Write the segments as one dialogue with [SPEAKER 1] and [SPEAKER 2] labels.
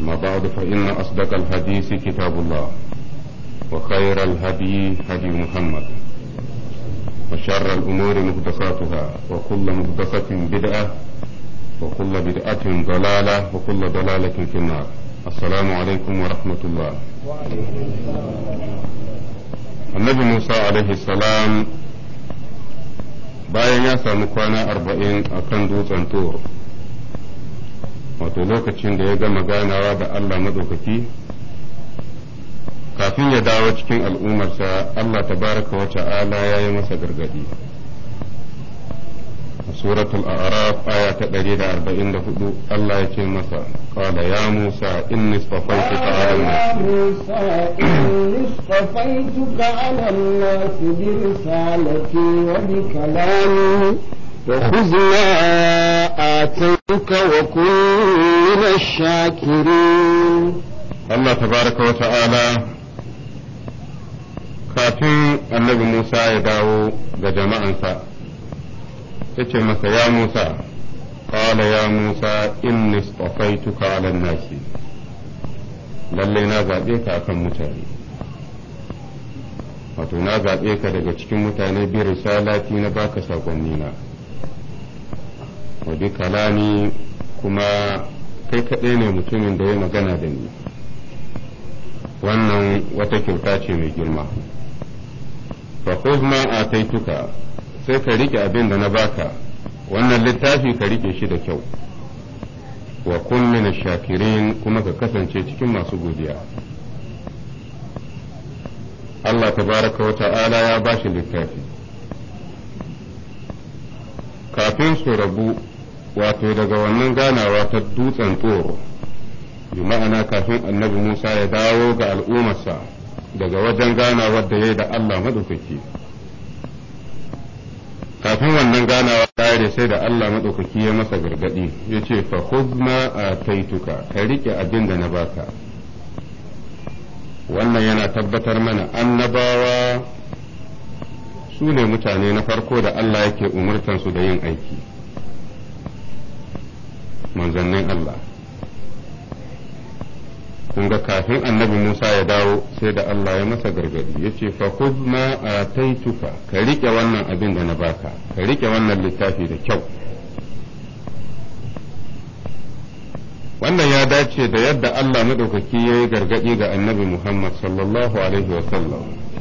[SPEAKER 1] أما بعد فإن أصدق الحديث كتاب الله وخير الهدي هدي محمد وشر الأمور محدثاتها وكل محدثة بدعة وكل بدعة ضلالة وكل ضلالة في النار السلام عليكم ورحمة الله النبي موسى عليه السلام bayan ya samu kwana arba'in a kan dutsen tur wato lokacin da ya gama ganawa da Allah maɗaukaki kafin ya dawo cikin al'ummarsa Allah ta baraka wata ala ya yi masa gargadi suratul a'raf aya ta 144 Allah ya ce masa qala ya Musa inni istafaytuka 'ala
[SPEAKER 2] Musa inni 'ala an bi risalati wa bi kalami وخذ ما آتيتك وكن من الشاكرين
[SPEAKER 1] الله تبارك وتعالى
[SPEAKER 2] kafin annabi Musa
[SPEAKER 1] ya dawo ga jama'ansa, yace masa ya Musa, قال ya Musa inni tsafaituka ala nasi lallai na zaɓe ka akan mutane wato na zaɓe ka daga cikin mutane biyar risalati na baka sakonni na wa bi kuma kai kaɗai ne mutumin da ya magana da ni wannan wata kyauta ce mai girma fa ma a sai ka rike abin da na baka wannan littafi ka rike shi da kyau wa kun shakirin kuma ka kasance cikin masu godiya Allah tabaraka wa ta'ala ya bashi littafi kafin su rabu wato daga wannan ganawa ta dutsen tsoro bi ma'ana kafin annabi Musa ya dawo ga al'ummarsa daga wajen ganawa da ya yi da Allah maɗaukaki. Kafin wannan ganawa ta yi sai da Allah maɗaukaki ya masa gargaɗi ya ce fa huzma a taituka ka riƙe abin da na baka. Wannan yana tabbatar mana annabawa su ne mutane na farko da Allah yake umurtansu da yin aiki. manzannin Allah kun ga kafin annabi Musa ya dawo sai da Allah ya masa gargadi ya ce fa khudh ma ataituka ka rike wannan abin da na baka ka rike wannan littafi da kyau wannan ya dace da yadda Allah madaukaki ya yi gargadi ga annabi Muhammad sallallahu alaihi wa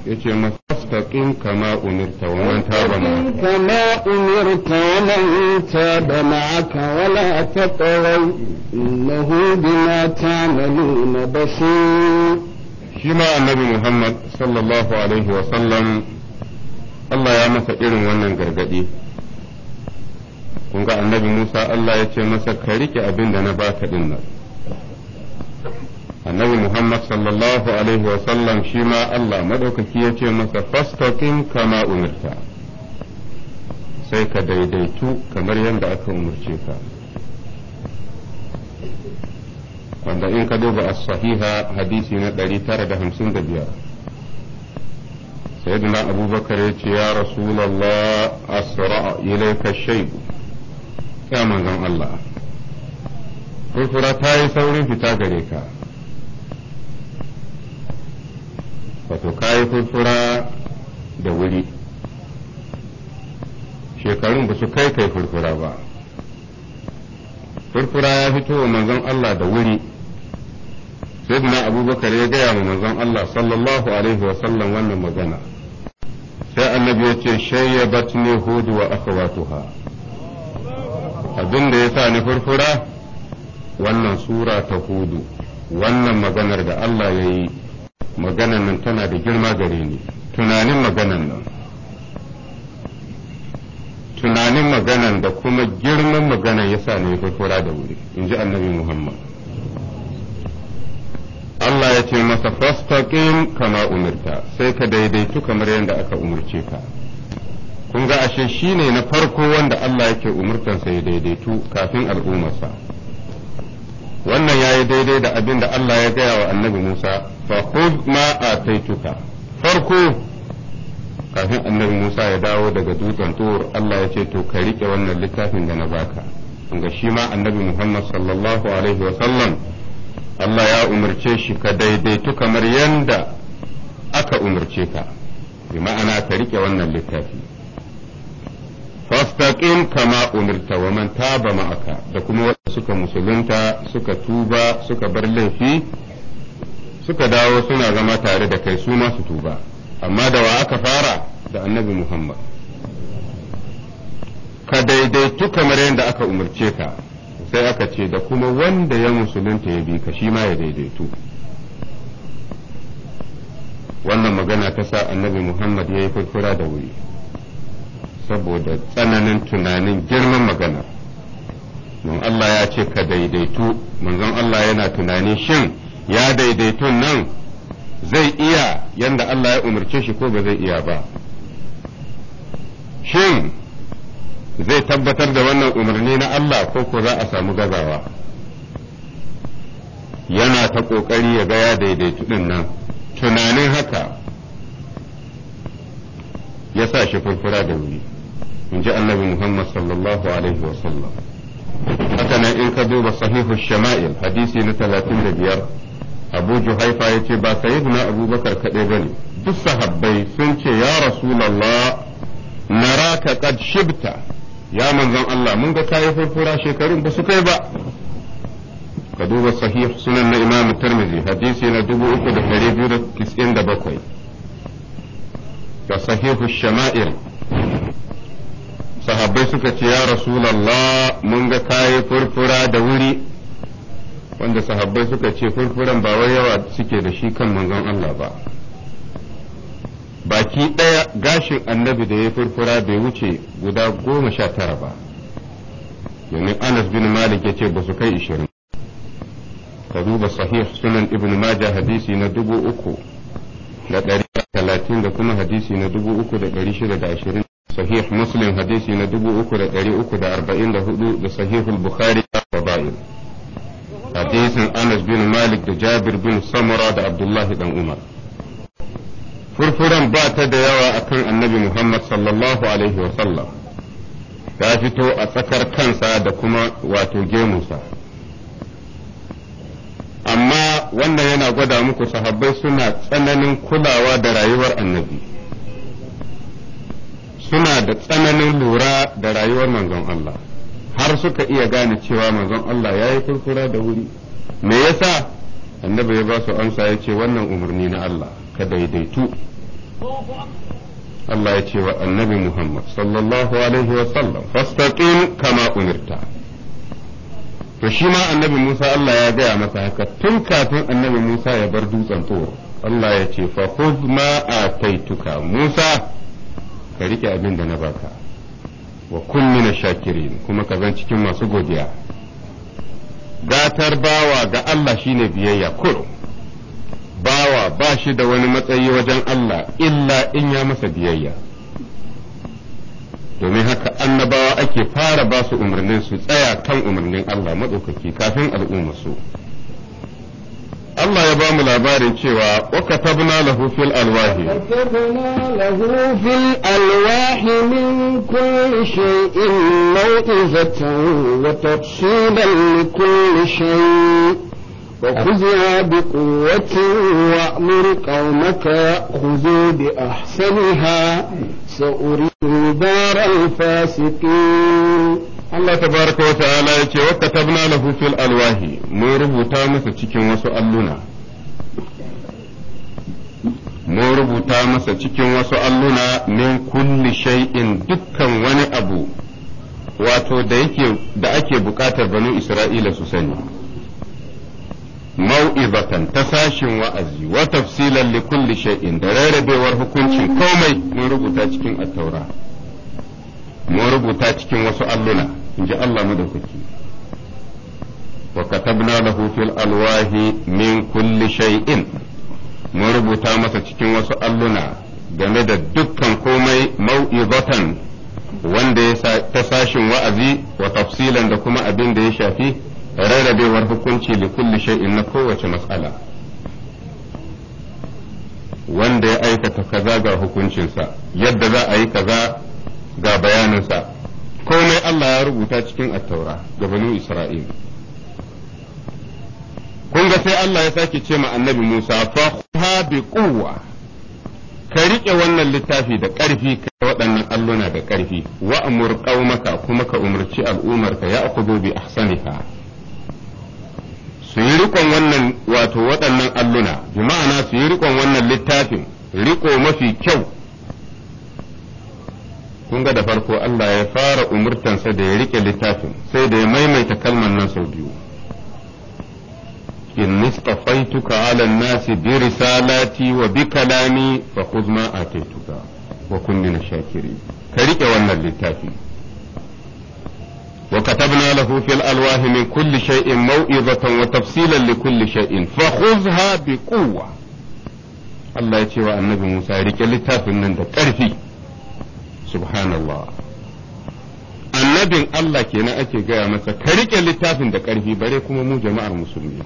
[SPEAKER 1] yace mustaqim kama umirta wa man taba ma
[SPEAKER 2] kama umirta wa man taba ma'aka wa la tatawai innahu bima ta'maluna basir shi ma annabi Muhammad sallallahu alaihi wa sallam
[SPEAKER 1] Allah ya masa irin wannan gargadi kun ga annabi Musa Allah ya ce masa ka rike abin da na baka din nan annabi Muhammad sallallahu alaihi wa sallam shi ma Allah madaukaki ya ce masa fastaqim kama umirta sai ka daidaitu kamar yadda aka umarce ka wanda in ka duba as-sahiha hadisi na 955 سيدنا أبو بكر يا رسول الله أسرع إليك الشيء يا من الله furfura ta yi saurin fita gare ka wato kayi furfura da wuri shekarun ba su kai kai furfura ba furfura ya fito wa manzon Allah da wuri sai na abubakar ya gaya wa manzon Allah sallallahu alaihi wasallam wannan magana sai annabi ya ce shayyabat ne hudu wa akhawatuha abin abinda ya sa ni furfura wannan sura ta hudu wannan maganar da Allah ya yi maganan nan tana da girma gare ni tunanin maganan nan tunanin maganan da kuma girman maganan yasa ne ya kurkura da wuri in ji annabi muhammad Allah ya ce masa fastaqim kama umarta sai ka daidaitu kamar yadda aka umarce ka kun ga ashe ne na farko wanda Allah yake umurtansa ya daidaitu kafin al'ummarsa wannan yayi daidai da abin da Allah ya gaya wa annabi Musa fa a ma ataituka farko kafin annabi Musa ya dawo daga dutsen tur Allah ya ce to ka rike wannan littafin da na baka ga shi ma annabi Muhammad sallallahu alaihi wa sallam Allah ya umarce shi ka daidai daidaitu kamar yadda aka umarce ka bi ma'ana ka rike wannan littafi فاستقم kama امرت wa man taba ma'aka da kuma wanda suka musulunta suka tuba suka bar laifi suka dawo suna zama tare da kai su ma su tuba amma da wa aka fara da annabi Muhammad ka daidaitu kamar yadda aka umarce ka sai aka ce da kuma wanda ya musulunta ya bi ka shi ma ya daidaitu wannan magana ta sa annabi Muhammad ya yi da wuri saboda tsananin tunanin girman magana don Allah ya ce ka daidaitu manzon Allah yana tunani shin ya daidaitun nan zai iya yadda Allah ya umarce shi ko ba zai iya ba shin zai tabbatar da wannan umarni na Allah ko ko za a samu gazawa yana ta ƙoƙari ya ga ya daidaitu din nan tunanin haka ya sa shi furfura da wuri inji ji annabi Muhammad sallallahu alaihi wa sallam haka nan in ka duba sahihu shama'il hadisi na talatin da 35 Abu ya ce ba sayyidina Abubakar kadai bane duk sahabbai sun ce ya rasulullah naraka qad shibta ya manzon Allah mun ga kayi furfura shekarun ba su kai ba ka duba sahih sunan na Imam Tirmidhi hadisi na 3297 da sahihu shama'il sahabbai suka ce ya rasulallah mun ga kayi furfura da wuri wanda sahabbai suka ce furfuran ba wai yawa suke da shi kan manzon Allah ba baki ɗaya gashin annabi da ya furfura bai wuce guda goma sha tara ba domin anas bin malik ya ce ba su kai ishirin ka duba sahih sunan ibn majah hadisi na dubu uku da ɗari talatin da kuma hadisi na dubu uku da ɗari shida da ashirin sahih muslim hadisi na 3344 da da hudu sahihul bukhari wa bayin hadisin anas bin malik da jabir bin samura da abdullahi dan umar furfuran ba ta da yawa akan annabi muhammad sallallahu alaihi wa sallam ta fito a tsakar kansa da kuma wato gemusa. amma wannan yana gwada muku sahabbai suna tsananin kulawa da rayuwar annabi suna da tsananin lura da rayuwar manzon Allah har suka iya gane cewa manzon Allah ya yi kurkura da wuri me yasa annabi ya ba su amsa ya ce wannan umarni na Allah ka daidaitu Allah ya ce wa annabi Muhammad sallallahu alaihi wa sallam fastaqim kama umirta to shi ma annabi Musa Allah ya gaya masa haka tun kafin annabi Musa ya bar dutsen tsoro Allah ya ce fa khudh ma ataituka Musa ka rike abin da na baka wa na shakirin kuma ka zan cikin masu godiya gatar bawa ga Allah shine biyayya kuro bawa ba shi da wani matsayi wajen Allah illa in ya masa biyayya domin haka annabawa ake fara ba su umarnin su tsaya kan umarnin Allah maɗaukaki kafin al'umma su. الله يا بام الأباري كيوا وكتبنا له في الألواح
[SPEAKER 2] وكتبنا له في الألواح من كل شيء موئزة وتفصيلا لكل شيء وخذها بقوة وأمر قومك خذوا بأحسنها سأريه دار Allah ta baraka wa ta'ala
[SPEAKER 1] ya ce, Waka tabna lahu fil alwahi, mun rubuta masa cikin wasu alluna. Mun rubuta masa cikin wasu alluna min kulli shay'in dukkan wani abu, wato da yake da ake bukatar banu Isra'ila su sani. mau'izatan ta sashin wa'azi wa tafsilan li kulli shay'in da rarrabewar hukuncin komai mun rubuta cikin at-taura mun rubuta cikin wasu alluna inji Allah madaukaki wa katabna lahu fil alwahi min kulli shay'in mun rubuta masa cikin wasu alluna game da dukkan komai mau'izatan wanda ya ta sashin wa'azi wa tafsilan da kuma abin da ya shafi rarrabewar hukunci da kulli shay'in na kowace matsala wanda ya aikata kaza ga hukuncinsa yadda za a yi kaza ga bayaninsa komai Allah ya rubuta cikin attaura ga banu Isra'il kun ga sai Allah ya sake ce ma annabi Musa fa bi quwwa ka riƙe wannan littafi da ƙarfi ka waɗannan alluna da ƙarfi wa amur qaumaka kuma ka umarci al'umarka ya akudu bi ahsaniha su yi riƙon wannan wato waɗannan alluna bi ma'ana su yi riƙon wannan littafin riƙo mafi kyau kun ga da farko Allah ya fara umurtansa da ya riƙe littafin sai da ya maimaita kalmar nan sau biyu in nistafaituka ala nasi bi risalati wa bi kalami fa khudh ma atituka wa kunni shakiri ka riƙe wannan littafin. وكتبنا له في الألواح من كل شيء موئظة وتفصيلا لكل شيء فخذها بقوة الله يتوى النبي موسى يريك لتاف من كرفي سبحان الله annabin Allah kenan ake gaya masa ka rike littafin da ƙarfi bare kuma mu jama'ar musulmi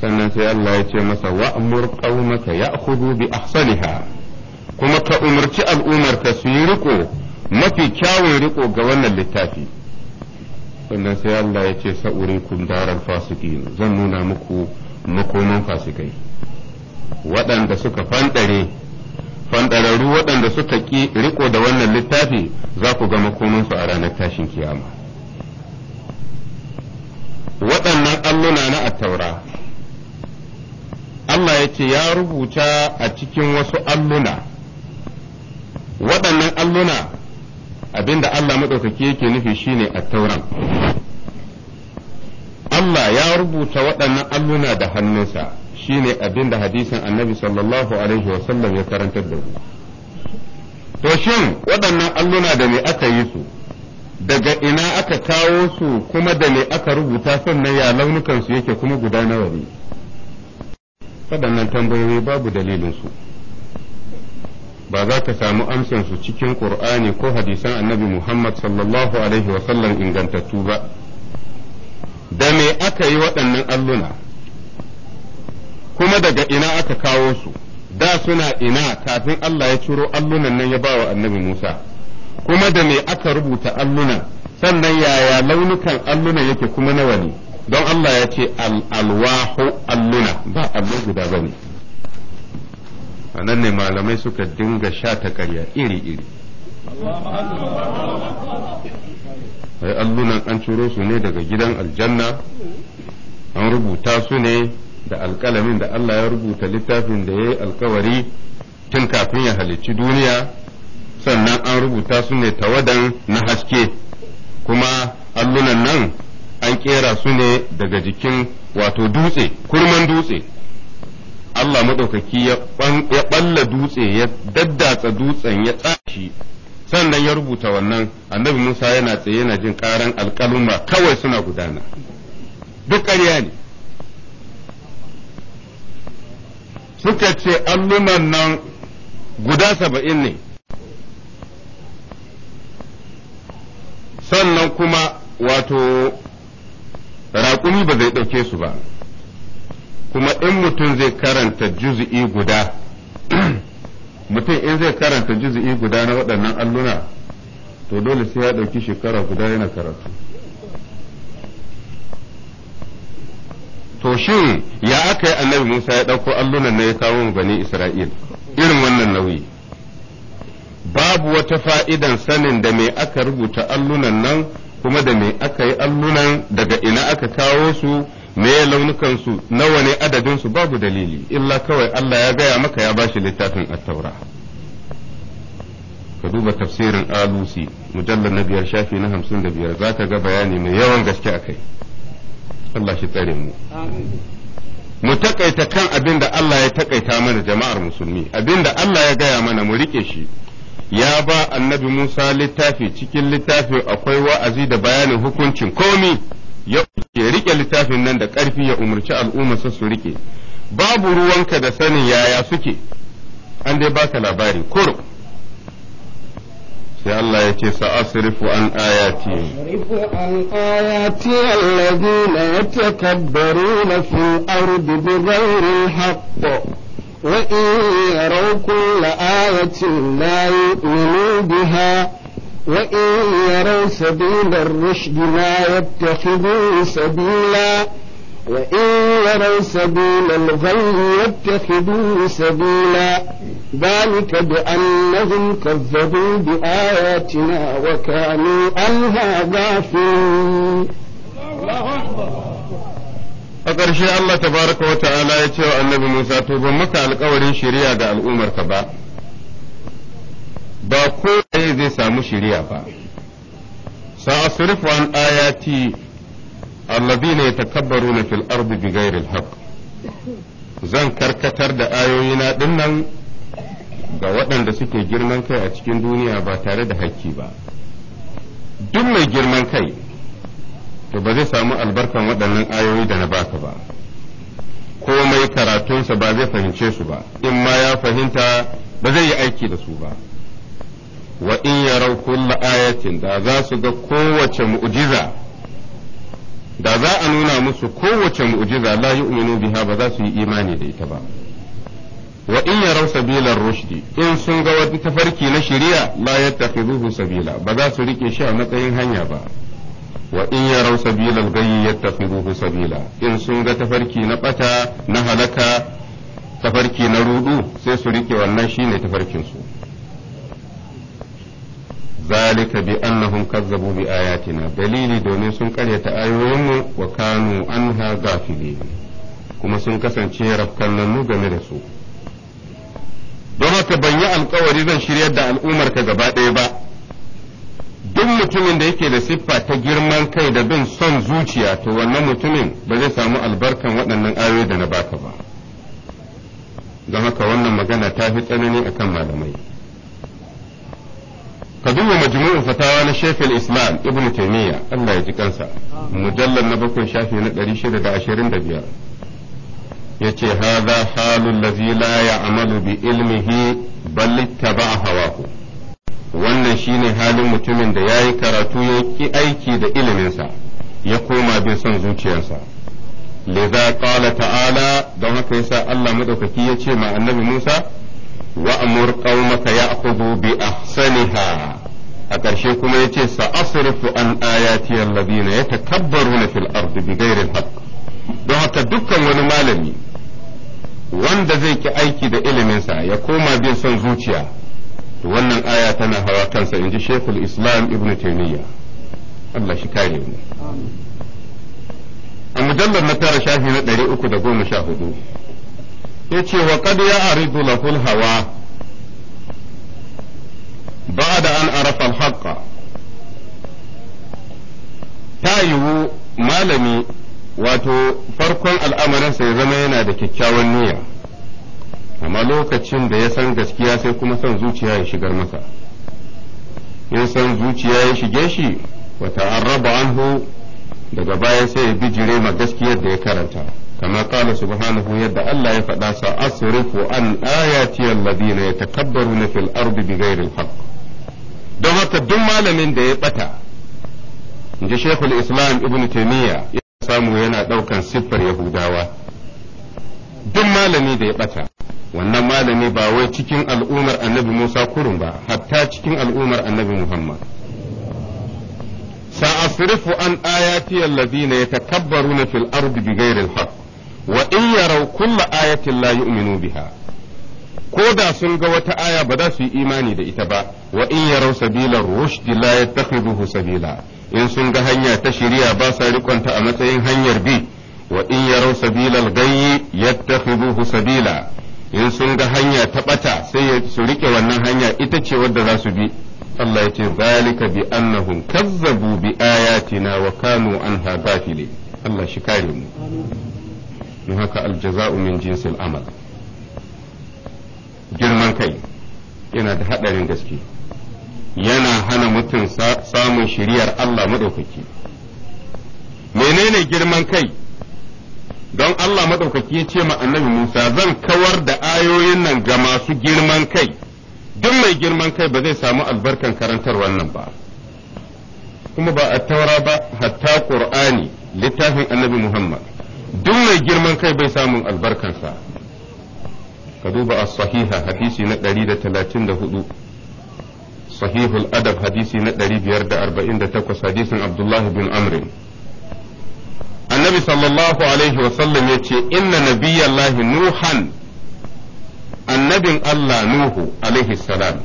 [SPEAKER 1] sannan sai Allah ya ce masa wa'mur qaumaka ya'khudhu bi ahsaniha kuma ka umarci al'ummar su yi riko mafi kyawun riko ga wannan littafi sannan sai Allah ya ce sa'urin kundaran fasiki zan nuna muku makoman fasikai waɗanda suka fanɗare fanɗararru waɗanda suka ƙi riko da wannan littafi za ku ga makomansu a ranar tashin kiyama waɗannan alluna na attaura Allah ya ce ya rubuta a cikin wasu alluna waɗannan alluna Abin da Allah maɗaukaki yake nufi shine tauran Allah ya rubuta waɗannan alluna da hannunsa shine da hadisin annabi sallallahu alaihi wasallam ya karantar da mu to shin waɗannan alluna da me aka yi su daga ina aka kawo su kuma da me aka rubuta sannan ya launukansu yake kuma guda nawa ne waɗannan tambayoyi babu dalilinsu su ba za ka samu amsansu cikin ƙur'ani ko hadisan annabi Muhammad sallallahu Alaihi wasallam ingantattu ba. Da me aka yi waɗannan alluna, kuma daga ina aka kawo su, da suna ina kafin Allah ya ciro allunan nan ya ba wa annabi Musa, kuma da me aka rubuta alluna, sannan yaya launukan allunan yake kuma nawa ne, don Allah ya ce alwahu alluna ba allon guda ba a nan ne malamai suka dinga sha ta ƙarya iri-iri sai allunan an ciro su ne daga gidan aljanna an rubuta su ne da alƙalamin da Allah ya rubuta littafin da ya yi alkawari tun kafin ya halicci duniya sannan an rubuta su ne tawadan na haske kuma allunan nan an kera su ne daga jikin wato dutse kurman dutse Allah maɗaukaki ya ɓalla dutse ya daddatsa dutsen ya tsashi sannan ya rubuta wannan annabi Musa yana tsaye yana jin ƙaran alƙaluma kawai suna gudana duk ƙarya ne suka ce alluman nan guda saba'in ne sannan kuma wato raƙumi ba zai ɗauke su ba kuma in mutum zai karanta juz'i guda mutum in zai karanta juz'i guda na waɗannan alluna to dole sai ya ɗauki shekara guda yana karatu to shi ya aka yi annabi musa ya ɗauko allunan na ya kawo bani isra'il irin wannan nauyi babu wata fa'idan sanin da mai aka rubuta allunan nan kuma da mai aka yi allunan daga ina aka kawo su me launukan su nawa ne adadin su babu dalili illa kawai Allah ya gaya maka ya bashi littafin at-taura ka duba tafsirin alusi mujallar na biyar shafi na hamsin da biyar za ka ga bayani mai yawan gaske a kai Allah shi tsare mu mu takaita kan abinda Allah ya takaita mana jama'ar musulmi abin da Allah ya gaya mana mu rike shi ya ba annabi Musa littafi cikin littafin akwai wa'azi da bayanin hukuncin komi ya rike littafin nan da ƙarfi ya umarci al'ummarsa su rike babu ruwanka da sanin yaya suke an dai baka labari kuro sai Allah ya ce asrifu an ayati
[SPEAKER 2] sa'asrifu an ayati alladhina yatakabbaruna fil ardi bighayri haqq wa in yaraw kull ayatin la yu'minu biha وإن يروا سبيل الرشد لا يتخذوه سبيلا وإن يروا سبيل الغي يتخذوه سبيلا ذلك بأنهم كذبوا بآياتنا وكانوا عنها غافلين a ƙarshe Allah tabaraka wa ta'ala ya ce
[SPEAKER 1] wa annabi Musa to ban maka alƙawarin shari'a ga al'ummarka ba ba ko zai samu shiriya ba sa'asrifu an ayati alladhina yatakabbaruna fil filardu bighairi alhaq zan karkatar da ayoyi ayoyina dinnan ga waɗanda suke girman kai a cikin duniya ba tare da hakki ba duk mai girman kai to ba zai samu albarkan waɗannan ayoyi da na baka ba ko mai karatunsa ba zai fahimce su ba in ma ya fahimta ba zai yi aiki da su ba wa in yarau kulla ayatin da za su ga kowace mu'jiza da za a nuna musu kowace mu'jiza la yu'minu biha ba za su yi imani da ita ba wa in yarau sabilar rushdi in sun ga wani tafarki na shari'a la yattakhidhuhu sabila ba za su rike shi a matsayin hanya ba wa in yarau sabilar gayyi yattakhidhuhu sabila in sun ga tafarki na bata na halaka tafarki na rudu sai su rike wannan shine tafarkin su zalika bi annahum kazzabu bi ayatina dalili domin sun karyata ayoyinmu wa kanu anha gafilin kuma sun kasance rafkanannu game da su don haka ban yi alkawari zan shiryar da al'ummarka ka gaba ɗaya ba duk mutumin da yake da siffa ta girman kai da bin son zuciya to wannan mutumin ba zai samu albarkan waɗannan ayoyi da na baka ba don haka wannan magana ta fi tsanani akan malamai ka duba majmu'u fatawa na Sheikh islam Ibn Taymiyyah Allah ya ji kansa mujallal na bakwai shafi na 625 yace hadha halul ladzi la ya'malu bi ilmihi bal ittaba'a hawahu wannan shine halin mutumin da yayi karatu ya ki aiki da iliminsa ya koma bin son zuciyarsa لذا قال ta'ala don haka yasa Allah madaukaki ya ce ma annabi Musa wa'amur qaumaka ya'khudhu bi ahsaniha a ƙarshe kuma yace sa'asrifu an ayati alladhina yatakabbaruna fil ardi bighairi al don haka dukkan wani malami wanda zai ki aiki da iliminsa ya koma bin son zuciya to wannan aya tana hawa kansa inji Sheikhul Islam Ibn Taymiyyah Allah shi kare mu a mujallar na tara shafi na 314 ce wa qad ya lahu al-hawa da an arafa al ta yiwu malami wato farkon al'amarinsa ya zama yana da kyakkyawan niyya amma lokacin da ya san gaskiya sai kuma son zuciya ya shigar masa in san zuciya ya shige shi an raba anhu daga baya sai ya bijire ma gaskiyar da ya karanta kama kala subhanahu yadda Allah ya faɗa sa asrifu an ayati alladhina yatakabbaruna fil ardi bighairi alhaq don haka duk malamin da ya bata inji shekul islam ibn taimiyya ya samu yana ɗaukan siffar yahudawa duk malami da ya ɓata wannan malami ba wai cikin al'ummar annabi musa kurun ba hatta cikin al'ummar annabi muhammad sa'asrifu an ya allazina yatakabbaruna fil ardi bighairi al-haqq wa yarau kulla ayatin la yu'minu biha ko da sun ga wata aya ba za su yi imani da ita ba wa in yarau sabila rushdi la yattakhiduhu sabila in sun ga hanya ta shari'a ba sa rikonta a matsayin hanyar bi wa in yarau sabila al-ghayyi yattakhiduhu sabila in sun ga hanya ta ɓata sai su riƙe wannan hanya ita ce wadda za su bi Allah ya ce zalika bi annahum kazzabu bi ayatina wa kanu anha ghafilin Allah shi kare
[SPEAKER 3] mu
[SPEAKER 1] don haka aljaza'u min jinsi amal girman kai yana da haɗarin gaske yana hana mutum samun shiriyar Allah maɗaukaki menene girman kai don Allah maɗaukaki ya ce ma annabi Musa zan kawar da ayoyin nan ga masu girman kai duk mai girman kai ba zai samu albarkan karantar wannan ba kuma ba a taura ba hatta ƙur'ani littafin annabi Muhammad duk mai girman kai bai samun albarkansa ka duba a sahiha hadisi na 134 sahihul adab hadisi na 548 hadisin abdullahi bin Amri. annabi sallallahu alaihi wasallam ya ce inna Nabiya nabiyallahi nuhan annabin allah nuhu alaihi salam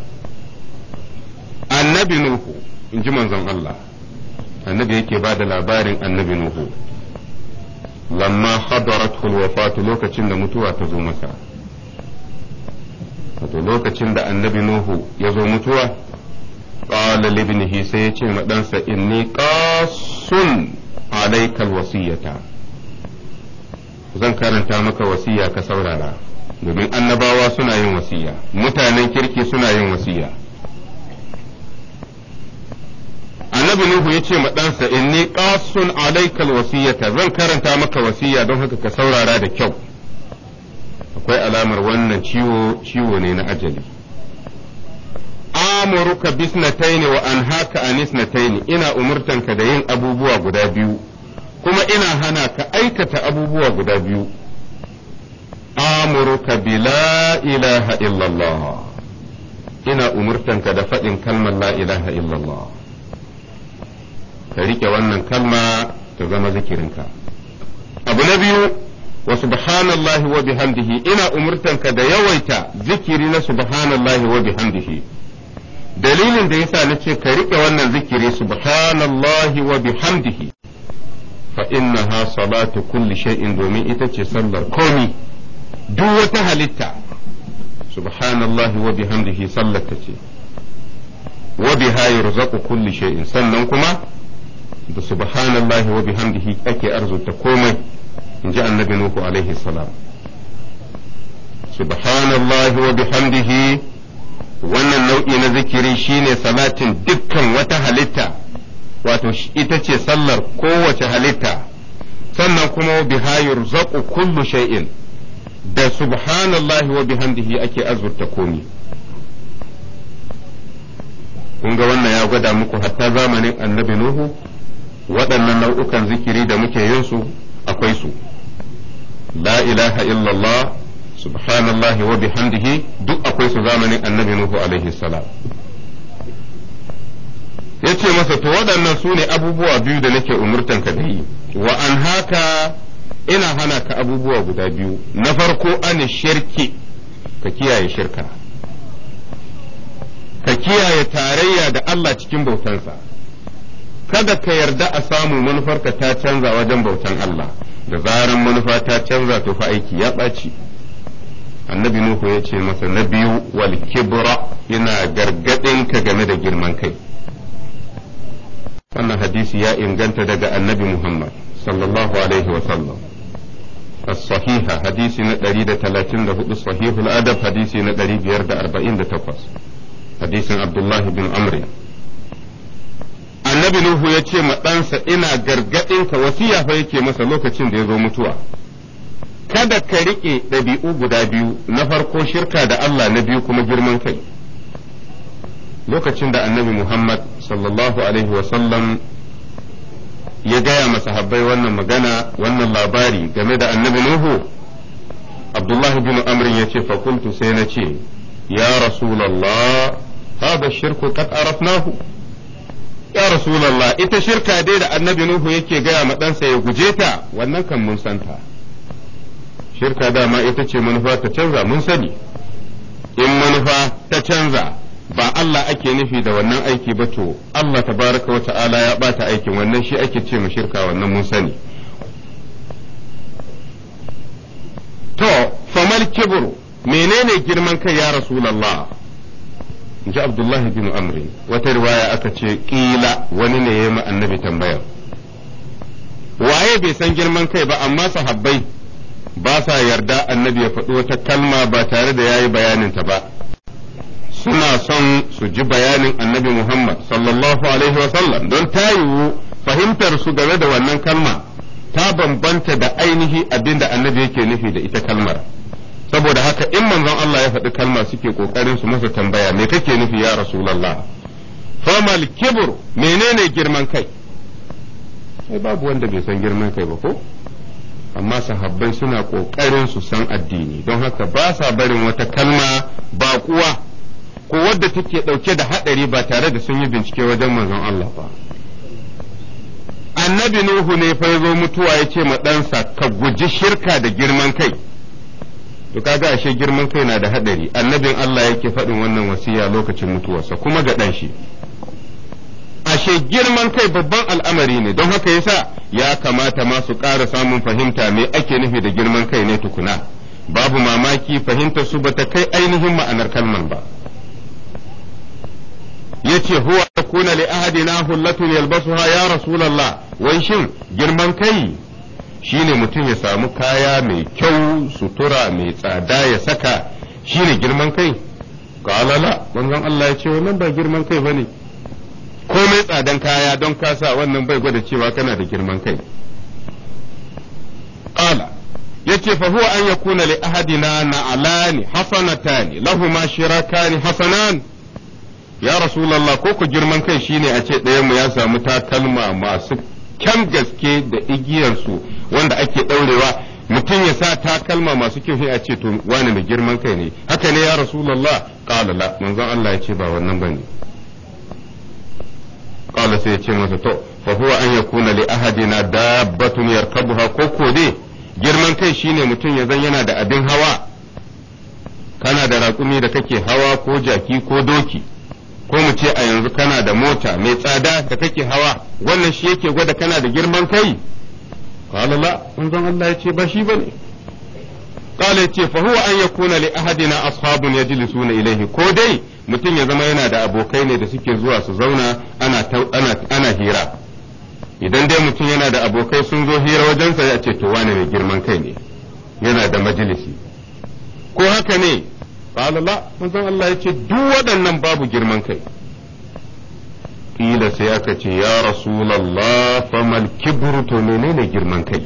[SPEAKER 1] annabi nuhu in ji manzon allah annabi yake ba da labarin annabi nuhu lamma hadaratul wafatu lokacin da mutuwa ta zo masa wato lokacin da annabi nuhu ya zo mutuwa qala libnihi sai ya ce ma ɗansa inni qasun alaikal wasiyata zan karanta maka wasiya ka saurara domin annabawa suna yin wasiya mutanen kirki suna yin wasiya annabi nuhu ya ce maɗansa ɗansa inni qasun alaikal wasiyata zan karanta maka wasiya don haka ka saurara da kyau akwai alamar wannan ciwo ne na ajali amuruka bisnataini wa anhaka anisnataini ina umurtanka da yin abubuwa guda biyu kuma ina hana ka aikata abubuwa guda biyu amuruka la ilaha illallah ina umurtanka da faɗin kalmar la ilaha illallah ka rike wannan kalma ta zama zikirinka abu na biyu wa subhanallahi wa bihamdihi ina umurtanka da yawaita zikiri na subhanallahi wa bihamdihi dalilin da yasa ce ka rike wannan zikiri subhanallahi wa bihamdihi fa ha salatu kulli shay'in domin ita ce sallar komi duk wata halitta subhanallahi wa bihamdihi sallar ta ce wa biha yurzaqu kulli shay'in sannan kuma da subhanallahi wa bihamdihi ake arzuta komai in ji annabi nuhu alaihi salam subhanallahi wa bihamdihi wannan nau'i na zikiri shine salatin dukkan wata halitta wato ita ce sallar kowace halitta sannan kuma biha yurzaqu kullu shay'in da subhanallahi wa bihamdihi ake azurta komi kun ga wannan ya gwada muku hatta zamanin annabi nuhu waɗannan nau'ukan zikiri da muke yin su akwai su la ilaha illallah subhanallahi wa bihamdihi duk akwai su zamanin annabi nuhu alaihi salam yace masa to waɗannan su ne abubuwa biyu da nake umurtan ka da yi wa an haka ina hana ka abubuwa guda biyu na farko an shirki ka kiyaye shirka ka kiyaye tarayya da Allah cikin bautansa kada ka yarda a samu manufarka ta canza wajen bautan Allah da zaran manufa ta canza to fa aiki ya ɓaci annabi nuhu ya ce masa na biyu wal kibra yana gargaɗin ka game da girman kai wannan hadisi ya inganta daga annabi muhammad sallallahu alaihi wa sallam الصحيحة حديث ندري دا da دا هدو صحيح الأدب حديث ندري بير دا أربعين annabi Nuhu ya ce ma ɗansa ina gargaɗinka wasiya fa yake masa lokacin da ya zo mutuwa. Kada ka riƙe ɗabi'u guda biyu, na farko shirka da Allah na biyu kuma girman kai. Lokacin da annabi Muhammad sallallahu Alaihi wasallam ya gaya masahabbai wannan magana wannan labari game da annabi Nuhu, Abdullahi bin Amrin ya ce fakultu sai na ce, Ya Rasulallah, هذا الشرك قد عرفناه ya rasulallah ita shirka dai da annabi nuhu yake gaya ma ɗansa ya guje ta wannan kan mun santa shirka dama ita ce manufa ta canza mun sani in manufa ta canza ba Allah ake nufi da wannan aiki ba to Allah tabaraka wa ta'ala ya bata aikin wannan shi ake ce mu shirka wannan mun sani to famal kibru menene girman kai ya rasulallah ji abdullahi bin amri wata riwaya aka ce ƙila wani ne ya annabi tambayar waye bai san girman kai ba amma sahabbai ba sa yarda annabi ya faɗi wata kalma ba tare da yayi ta ba suna son su ji bayanin annabi Muhammad sallallahu alaihi sallam don ta yiwu fahimtar su game da wannan kalma ta bambanta da ainihi abinda annabi yake nufi da ita kalmar. saboda haka in manzon Allah ya faɗi kalma suke ƙoƙarin su masa tambaya me kake nufi ya rasulullah famal kibr menene girman kai sai babu wanda bai san girman kai ba ko amma sahabbai suna ƙoƙarin su san addini don haka ba sa barin wata kalma baƙuwa ko wadda take ɗauke da haɗari ba tare da sun yi bincike wajen manzon Allah ba annabi nuhu ne fa ya zo mutuwa ya ce ma ɗansa ka guji shirka da girman kai to kaga ashe girman kai na da hadari annabin Allah yake faɗin wannan wasiya lokacin mutuwarsa kuma ga ɗan shi ashe girman kai babban al'amari ne don haka yasa ya kamata ma su ƙara samun fahimta me ake nufi da girman kai ne tukuna babu mamaki fahimtar su bata kai ainihin ma'anar kalman ba yace huwa takuna li ahadina hullatun yalbasuha ya rasulullah wai shin girman kai Shi ne mutum ya samu kaya mai kyau sutura mai tsada ya saka shi ne girman kai alala manzon Allah ya ce wannan ba girman kai ba Ko komai tsadan kaya don kasa wannan bai gwada cewa kana da girman kai ƙala yace fa fahuwa an ya kuna li ahadina na'alani hasanatani lahuma shirakani hasanan ya lalla ko ku girman kai shine a ce ɗayan mu ya samu takalma masu kyan gaske da igiyarsu wanda ake ɗaurewa mutum ya sa takalma masu kyau sai a ce to wani mai girman kai ne haka ne ya rasu qala la manzon Allah ya ce ba wannan bane qala sai ya ce masa to fa huwa an yakuna li ahadina dabbatun yarkabuha ko ko kode girman kai shine mutum ya zan yana da abin hawa kana da raƙumi da kake hawa ko jaki ko doki ko mu ce a yanzu kana da mota mai tsada da kake hawa wannan shi yake gwada kana da girman kai qala la zan Allah yace ba shi bane qala yace fa huwa an yakuna li ahadina ashabun yajlisuna ilayhi ko dai mutum ya zama yana da abokai ne da suke zuwa su zauna ana ana ana hira idan dai mutum yana da abokai sun zo hira wajensa ya ce to wane mai girman kai ne yana da majalisi ko haka ne qala la manzon Allah yace duk waɗannan babu girman kai kila sai aka ce ya rasulullah famal kibru to menene girman kai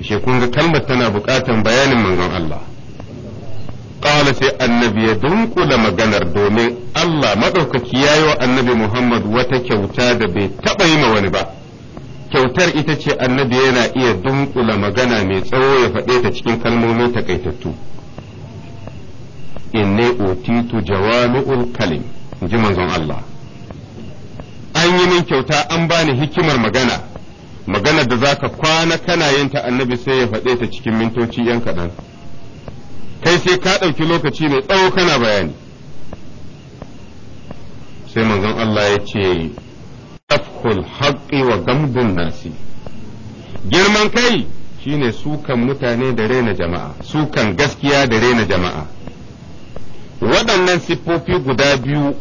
[SPEAKER 1] shi kun ga kalmar tana buƙatan bayanin manzon Allah qala sai annabi ya dunkula maganar domin Allah madaukaki yi wa annabi Muhammad wata kyauta da bai taɓa yi ma wani ba kyautar ita ce annabi yana iya dunkula magana mai tsawo ya faɗe ta cikin kalmomi takaitattu inni utitu jawami'ul kalim ji manzon Allah an yi min kyauta an bani hikimar magana magana da zaka kwana kana yin ta annabi sai ya faɗe ta cikin mintoci yan kaɗan kai sai ka ɗauki lokaci mai tsawo kana bayani sai manzon Allah ya ce tafkul haƙƙi wa gamdun nasi girman kai shine sukan mutane da raina jama'a sukan gaskiya da raina jama'a waɗannan siffofi guda biyu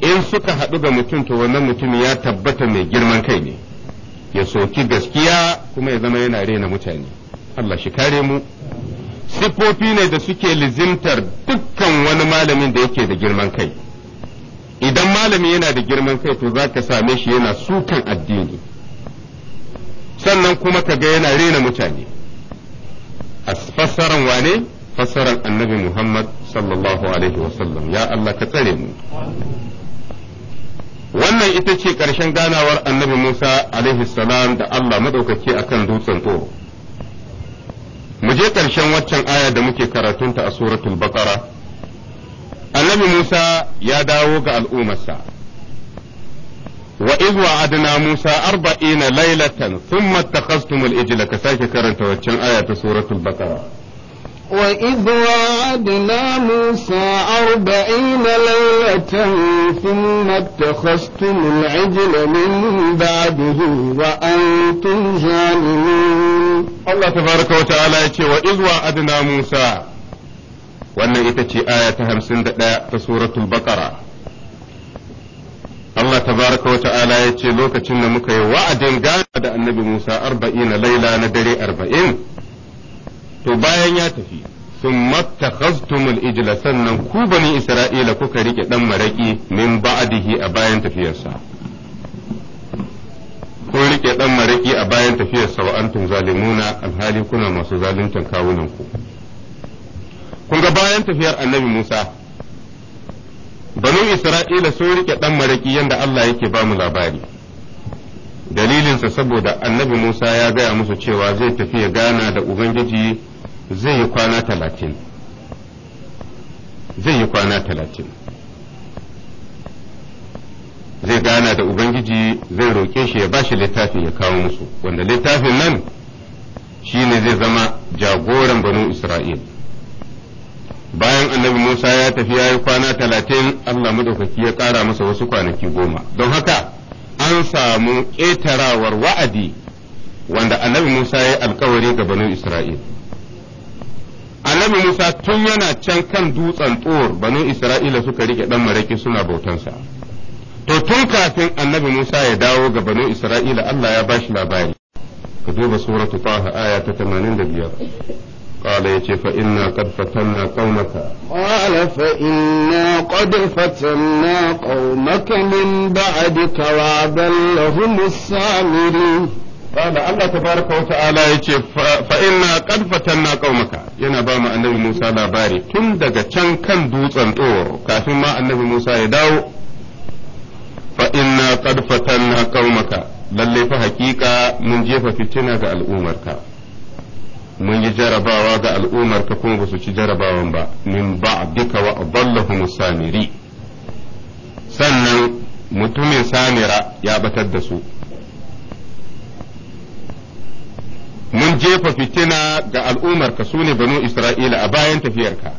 [SPEAKER 1] in suka haɗu ga mutum to wannan mutum ya tabbata mai girman kai ne ya soki gaskiya kuma ya zama yana rena mutane Allah shi kare mu siffofi ne da suke lizimtar dukkan wani malamin da yake da girman kai idan malami yana da girman kai to za ka same shi yana sukan addini sannan kuma ka ga yana rena mutane a fassaran wane fassaran annabi muhammad sallallahu alaihi wasallam ya Allah ka tsare mu wannan ita ce ƙarshen ganawar annabi Musa alaihi salam da Allah madaukake akan dutsen tsoro mu je ƙarshen waccan aya da muke karatunta a suratul baqara annabi Musa ya dawo ga al'ummarsa wa iz wa'adna Musa arba'ina laylatan thumma attakhaztumul ijla ka sake karanta waccan aya ta suratul baqara
[SPEAKER 2] وإذ وعدنا موسى أربعين ليلة ثم اتخذتم العجل من بعده وأنتم ظالمون الله تبارك وتعالى وإذ
[SPEAKER 1] وعدنا موسى wannan ita ce aya ta hamsin da ɗaya ta suratul baƙara Allah tabaraka wa ta'ala ya ce lokacin da muka yi wa'adin gana da annabi Musa arba'in na laila na dare arba'in to bayan ya tafi sun matta mattakhaztumul ijila sannan ku bani isra'ila kuka rike dan maraki min ba'dihi a bayan tafiyarsa kun rike dan maraki a bayan tafiyarsa wa antum zalimuna alhali kuna masu zaluntan kawunan ku kun ga bayan tafiyar annabi Musa banu Isra'ila sun rike dan maraki yanda Allah yake ba mu labari dalilinsa saboda annabi Musa ya gaya musu cewa zai tafi ya gana da Ubangiji zai yi kwana talatin zai yi kwana talatin zai gana da ubangiji zai roƙe shi ya ba shi littafin ya kawo musu wanda littafin nan shine zai zama jagoran banu isra'il bayan annabi musa ya tafi ya yi kwana talatin allah madaukaki ya ƙara masa wasu kwanaki goma don haka an samu ƙetarawar wa'adi wanda annabi musa ya yi alkawari ga banu isra'il annabi Musa tun yana can kan dutsen tsohor banu Isra'ila suka rike ɗan maraki suna bautansa. To tun kafin annabi Musa ya dawo ga banu Isra'ila Allah ya bashi labari. Ka duba suratu Taha aya ta 85. inna qad fatanna qaumaka.
[SPEAKER 2] فتنا fa inna qad fatanna qaumaka min ba'dika wa وأضلهم musamirin. Kala Allah tabaraka wa ta'ala ya ce fa inna
[SPEAKER 1] qad fatanna qaumaka yana ba mu annabi Musa labari tun daga can kan dutsen tsoro kafin ma annabi Musa ya dawo fa inna qad fatanna qaumaka lalle fa hakika mun jefa fitina ga al'umarka mun yi jarabawa ga al'umarka kuma ba su ci jarabawan ba min ba'dika wa adallahum samiri sannan mutumin samira ya batar da su mun jefa fitina ga al'ummarka su ne banu Isra'ila a bayan tafiyarka,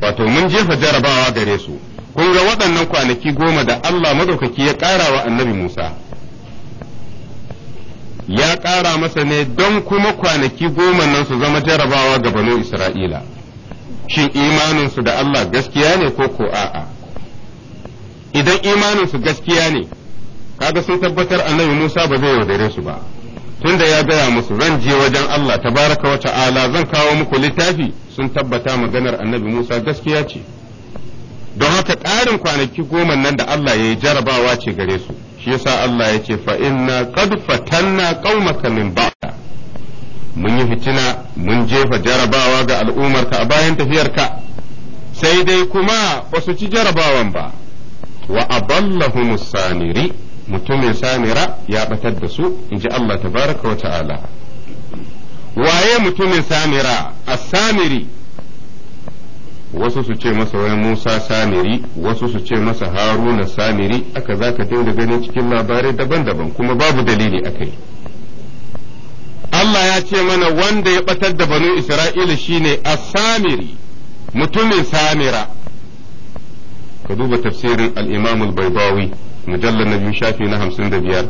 [SPEAKER 1] wato mun jefa jarabawa gare su, kun ga waɗannan kwanaki goma da Allah madaukaki ya ƙara wa annabi Musa. Ya ƙara masa ne don kuma kwanaki goma nan su zama jarabawa ga banu Isra'ila, shin imaninsu da Allah gaskiya ne ko ko a'a. Idan imaninsu gaskiya ne, kaga sun tabbatar annabi Musa ba zai yaudare su ba. tunda ya gaya musu zan je wajen Allah tabaraka wa ta'ala zan kawo muku littafi sun tabbata maganar annabi Musa gaskiya ce don haka ƙarin kwanaki goma nan da Allah ya yi jarabawa ce gare su shi yasa Allah ya ce fa inna qad fatanna qaumaka min ba'da mun yi fitina mun jefa jarabawa ga al'ummarka a bayan tafiyarka sai dai kuma ba ci jarabawan ba wa aballahu saniri mutumin samira ya batar da su in ji Allah tabaraka wa ta'ala waye mutumin samira a samiri wasu su ce masa wai Musa samiri wasu su ce masa Haruna samiri aka zaka dinga ganin cikin labarai daban-daban kuma babu dalili a kai. Allah ya ce mana wanda ya batar da banu Isra'ila shine a samiri mutumin samira ka duba tafsirin al bai mujallar na biyu shafi na hamsin da biyar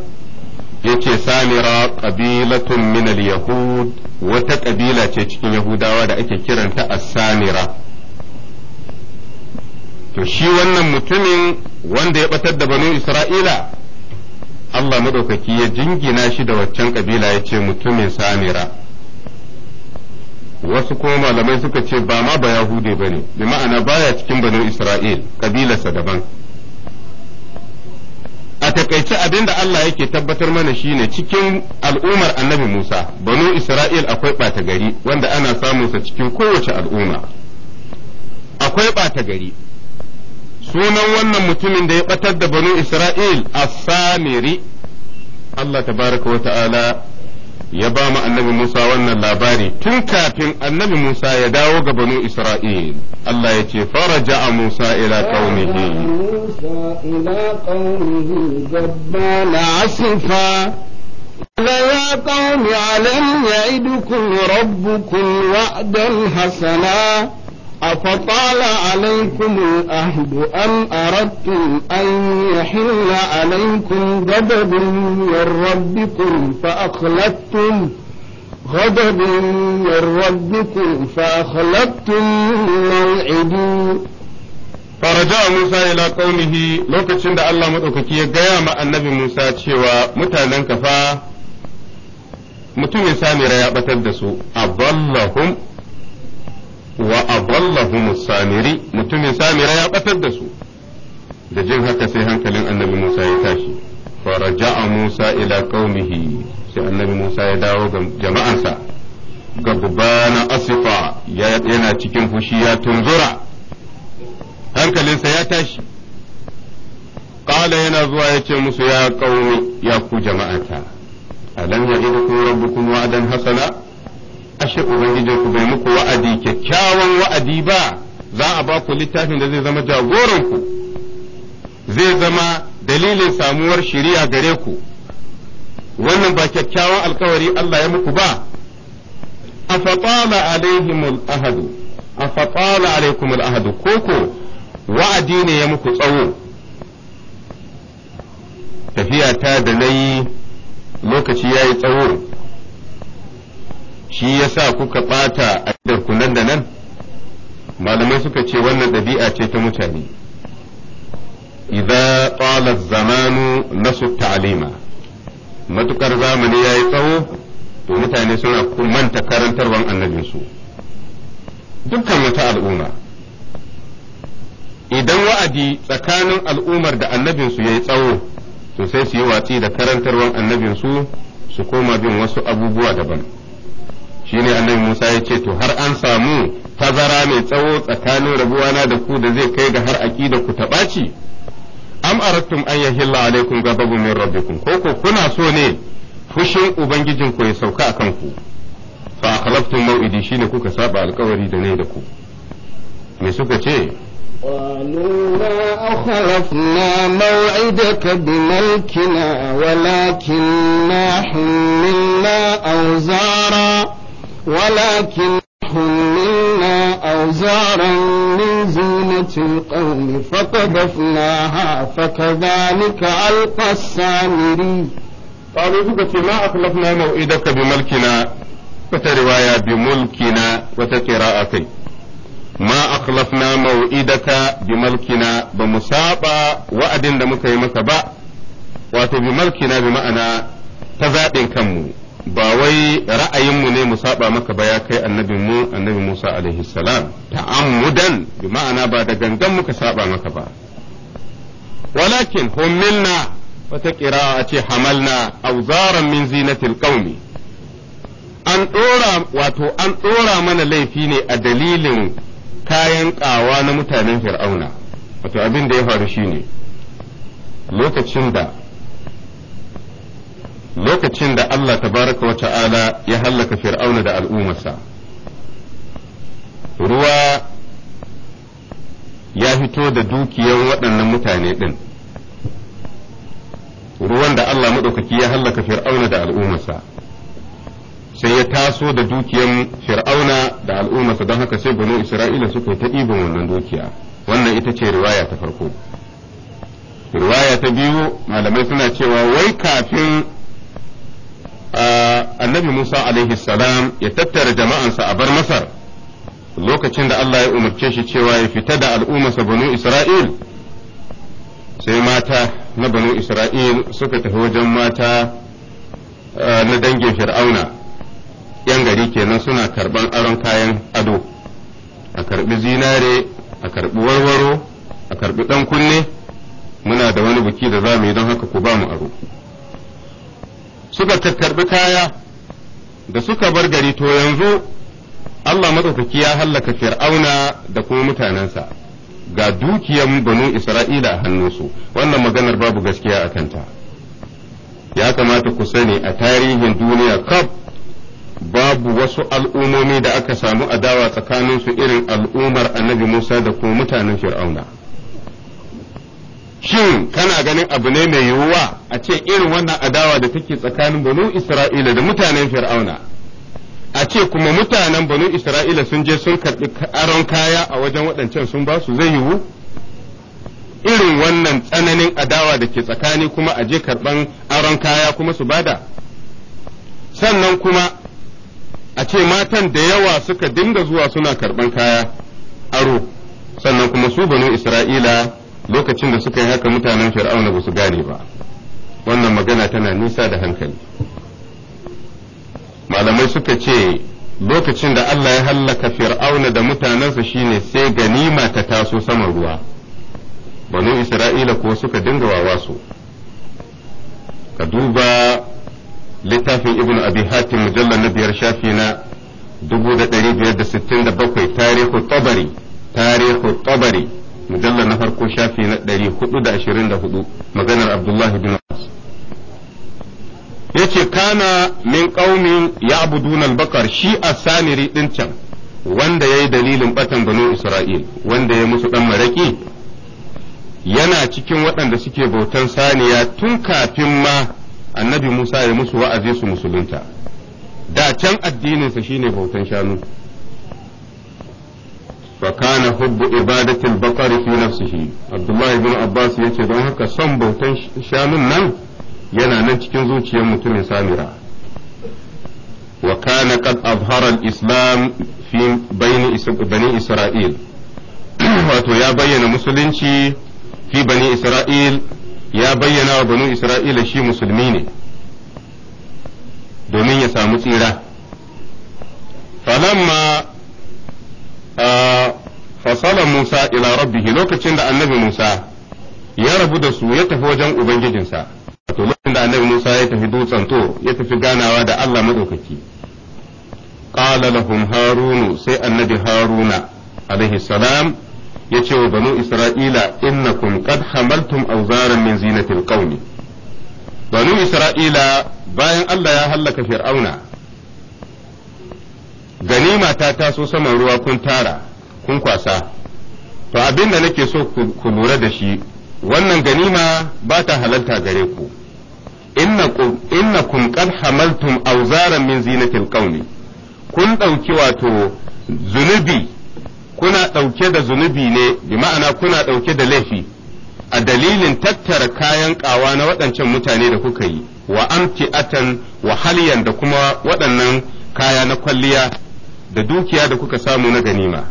[SPEAKER 1] yace samira ƙabilatun minal al-yahud wata kabila ce cikin yahudawa da ake kiranta a samira to shi wannan mutumin wanda ya batar da banu isra'ila Allah maɗaukaki ya jingina shi da waccan kabila ya ce mutumin samira wasu kuma malamai suka ce ba ma ba yahude ne bi ma'ana baya cikin banu isra'il kabilarsa daban a takaice abin da Allah yake tabbatar mana shine cikin al'ummar annabi Musa banu Isra'il akwai ɓata gari wanda ana samunsa cikin kowace al'umma akwai ɓata gari sunan wannan mutumin da ya ɓatar da banu Isra'il as-samiri Allah tabaraka wa ta'ala ya ba mu annabi Musa wannan labari tun kafin annabi Musa ya dawo ga banu Isra'il Allah ya ce faraja a Musa ila qaumihi
[SPEAKER 2] Musa ila qaumihi jabbana asifa يا قوم علم يعدكم ربكم وعدا حسنا أفطال عليكم الأهد أم أردتم أن يحل عليكم غضب من ربكم فأخلفتم غضب من ربكم فأخلفتم موعدي فرجع
[SPEAKER 1] موسى إلى قومه لوكتشن الله مدوككي يقيام النبي موسى تشيوى متعلن كفا mutum ya sami ya batar da su a ballahum wa adallahum samiri mutumin samira ya batar da su da jin haka sai hankalin annabi Musa ya tashi faraja'a Musa ila qaumihi sai annabi Musa ya dawo ga jama'ansa gabana asifa yana cikin fushi ya tunzura hankalinsa ya tashi qala yana zuwa ya ce musu ya qaumi ya ku jama'ata alam ya'idukum rabbukum wa'adan hasana ashe ubangijin ku bai muku wa'adi kyakkyawan wa'adi ba za a ba ku littafin da zai zama jagoran ku zai zama dalilin samuwar shiriya gare ku wannan ba kyakkyawan alkawari Allah ya muku ba afatala alaihimul ahadu afatala alaikumul ahadu koko wa'adi ne ya muku tsawo tafiya ta da nayi lokaci yayi tsawo shi ya sa kuka ɓata a ku nan da nan malamai suka ce wannan ɗabi'a ce ta mutane idan ƙwalar zamanu nasu ta'alima matukar zamani ya yi tsawo to mutane suna manta karantarwar annabinsu dukkan wata al'umma idan wa'adi tsakanin al'ummar da annabinsu ya yi tsawo to sai su yi watsi da karantarwar annabinsu su koma bin wasu abubuwa daban. shine annabi Musa ya ce to har an samu tazara mai tsawo tsakanin rabuwana da ku da zai kai ga har aqida ku ta baci am aratum an yahilla alaikum gababu min rabbikum ko ko kuna so ne fushin ubangijin ku ya sauka akan ku fa akhlaftum mau'idi shine kuka saba alkawari da ne da ku me suka ce
[SPEAKER 2] قالوا ما أخلفنا موعدك بملكنا ولكننا حملنا أوزارا ولكن حملنا أوزارا من زينة القوم فقذفناها فكذلك ألقى السامري
[SPEAKER 1] قالوا سكت ما أخلفنا موئدك بملكنا وترواية بملكنا وتقراءة ما أخلفنا موئدك بملكنا بمسابة وأدن لمكيمة يمك با وتبملكنا بمعنى تزاد كمو ba wai mu ne mu saba maka ba ya kai annabi mu annabi Musa alaihi salam ta'ammudan bi ma'ana ba da gangan muka saba maka ba walakin humilna wata qira'a ce hamalna awzaran min zinatil qaumi an dora wato an dora mana laifi ne a dalilin kayan ƙawa na mutanen fir'auna wato abin da ya faru shine lokacin da lokacin da Allah tabaraka wa ta'ala ya hallaka fir'auna da al'ummarsa ruwa ya fito da dukiyar waɗannan mutane ɗin ruwan da Allah maɗaukaki ya hallaka fir'auna da al'ummarsa sai ya taso da dukiyar fir'auna da al'ummarsa don haka sai bano isra'ila suka yi ta ɗiban wannan dukiya wannan ita ce riwaya ta farko riwaya ta biyu malamai suna cewa wai kafin annabi Musa alaihi salam ya tattara jama'ansa a bar Masar lokacin da Allah ya umarce shi cewa ya fita da al'ummarsa banu Isra'il sai mata na banu Isra'il suka tafi wajen mata na dangin Fir'auna ‘yan gari kenan suna karban aron kayan ado a karbi zinare a karbi warwaro a karbi ɗan kunne muna da wani buki da za mu yi don haka ku ba mu aro. suka tattarbi kaya da suka bar gari to yanzu Allah matsaukaki ya hallaka fir'auna da kuma mutanensa ga dukiyar banu Isra'ila a hannunsu wannan maganar babu gaskiya a kanta ya kamata ku sani a tarihin duniya kaf babu wasu al'ummomi da aka samu adawa tsakaninsu irin al'ummar annabi Musa da kuma mutanen fir'auna. shin kana ganin abu ne mai yiwuwa a ce irin wannan adawa da take tsakanin banu isra'ila da mutanen fir'auna a ce kuma mutanen banu isra'ila sun je sun karɓi aron kaya a wajen waɗancan sun ba su zai yiwu irin wannan tsananin adawa da ke tsakani kuma a je karɓan aron kaya kuma su bada sannan kuma a ce matan da yawa suka dinga zuwa suna karɓan kaya aro sannan kuma su banu isra'ila lokacin da suka yi haka mutanen fir'auna ba su gane ba wannan magana tana nisa da hankali malamai suka ce lokacin da Allah ya hallaka fir'auna da mutanensa shine sai ganima ta taso saman ruwa banu isra'ila ko suka dinga wawa su ka duba littafin ibn abi hatim mujallar na biyar shafi na 1567 tarihu tabari tarihu tabari mujallar na farko shafi na ɗari hudu da ashirin da hudu maganar abdullahi bin ya ce kana min qaumin ya'buduna al bakar shi a sani riɗin can wanda yayi dalilin batan banu isra'il wanda ya musu ɗan maraki yana cikin waɗanda suke bautan saniya tun kafin ma annabi Musa ya musu wa'azi su musulunta da can addininsa shine bautan shanu فكان حب عبادة البقر في نفسه عبد الله بن عباس yace don haka son bautan shanun nan yana nan cikin zuciyar mutumin samira wa kana qad azhara al-islam fi bayni bani isra'il wato ya bayyana musulunci fi bani isra'il ya bayyana wa bani isra'ila shi musulmi ne domin ya samu tsira falamma Fasalar Musa ila rabbihi lokacin da annabi Musa ya rabu da su ya tafi wajen ubangijinsa wato lokacin da annabi Musa ya tafi dutsen to ya tafi ganawa da Allah maɗaukaki qala lahum harunu sai annabi haruna alaihi salam ya ce wa banu isra'ila innakum qad hamaltum auzaran min zinatil qaumi banu isra'ila bayan Allah ya hallaka fir'auna ganima ta taso saman ruwa kun tara kun kwasa to abin da nake so ku lura da shi wannan ganima ba ta halalta gare ku innakum qad hamaltum awzaran min zinatil qawmi kun ɗauki wato zunubi kuna ɗauke da zunubi ne bi ma'ana kuna ɗauke da laifi a dalilin tattara kayan kawa na waɗancan mutane da kuka yi wa amti atan wa haliyan da kuma waɗannan kaya na kwalliya da dukiya da kuka samu na ganima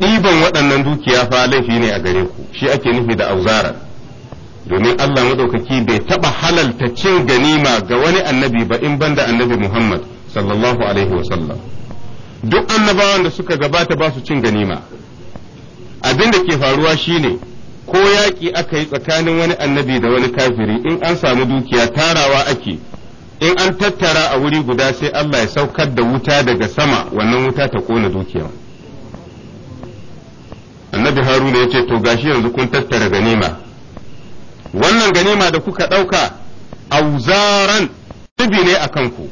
[SPEAKER 1] ɗiban waɗannan dukiya fa laifi ne a gare ku shi ake nufi da auzara domin Allah madaukaki bai taɓa halalta cin ganima ga wani annabi ba in banda annabi Muhammad sallallahu alaihi wa sallam duk annabawan da suka gabata ba su cin ganima abin da ke faruwa shine ko yaƙi aka yi tsakanin wani annabi da wani kafiri in an samu dukiya tarawa ake in an tattara a wuri guda sai Allah ya saukar da wuta daga sama wannan wuta ta kona dukiya annabi haruna ya ce to gashi yanzu kun tattara ganima wannan ganima da kuka ɗauka auzaran zubi ne a kanku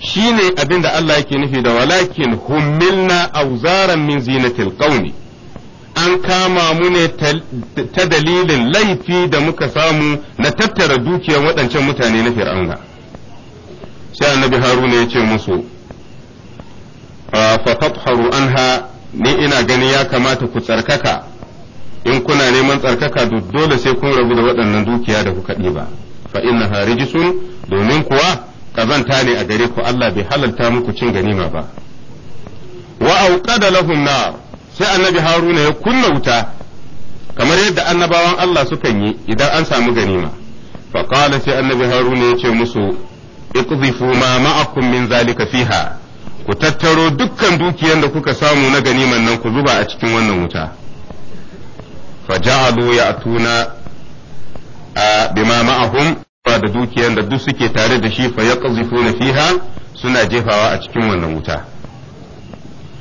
[SPEAKER 1] shi ne abin da Allah yake nufi da walakin hummilna auzaran min zinatil qauni an kama mu ne ta dalilin laifi da muka samu na tattara dukiyar waɗancan mutane na fir'auna sai annabi haruna ya ce musu fa tatharu anha ni ina gani ya kamata ku tsarkaka in kuna neman tsarkaka dole sai kun rabu da waɗannan dukiya da kuka ɗiba fa inna rijisun domin kuwa kazanta ne a gare ku Allah bai halalta muku cin ganima ba wa auqada lahum nar sai annabi haruna ya kunna wuta kamar yadda annabawan Allah sukan yi idan an samu ganima fa qala sai annabi haruna ya ce musu iqdhifu ma ma'akum min zalika fiha ku tattaro dukkan dukiyar da kuka samu na ganiman nan ku zuba a cikin wannan wuta faja'alu ya'tuna bima ma'ahum da dukiyar da duk suke tare da shi fa na fiha suna jefawa a cikin wannan wuta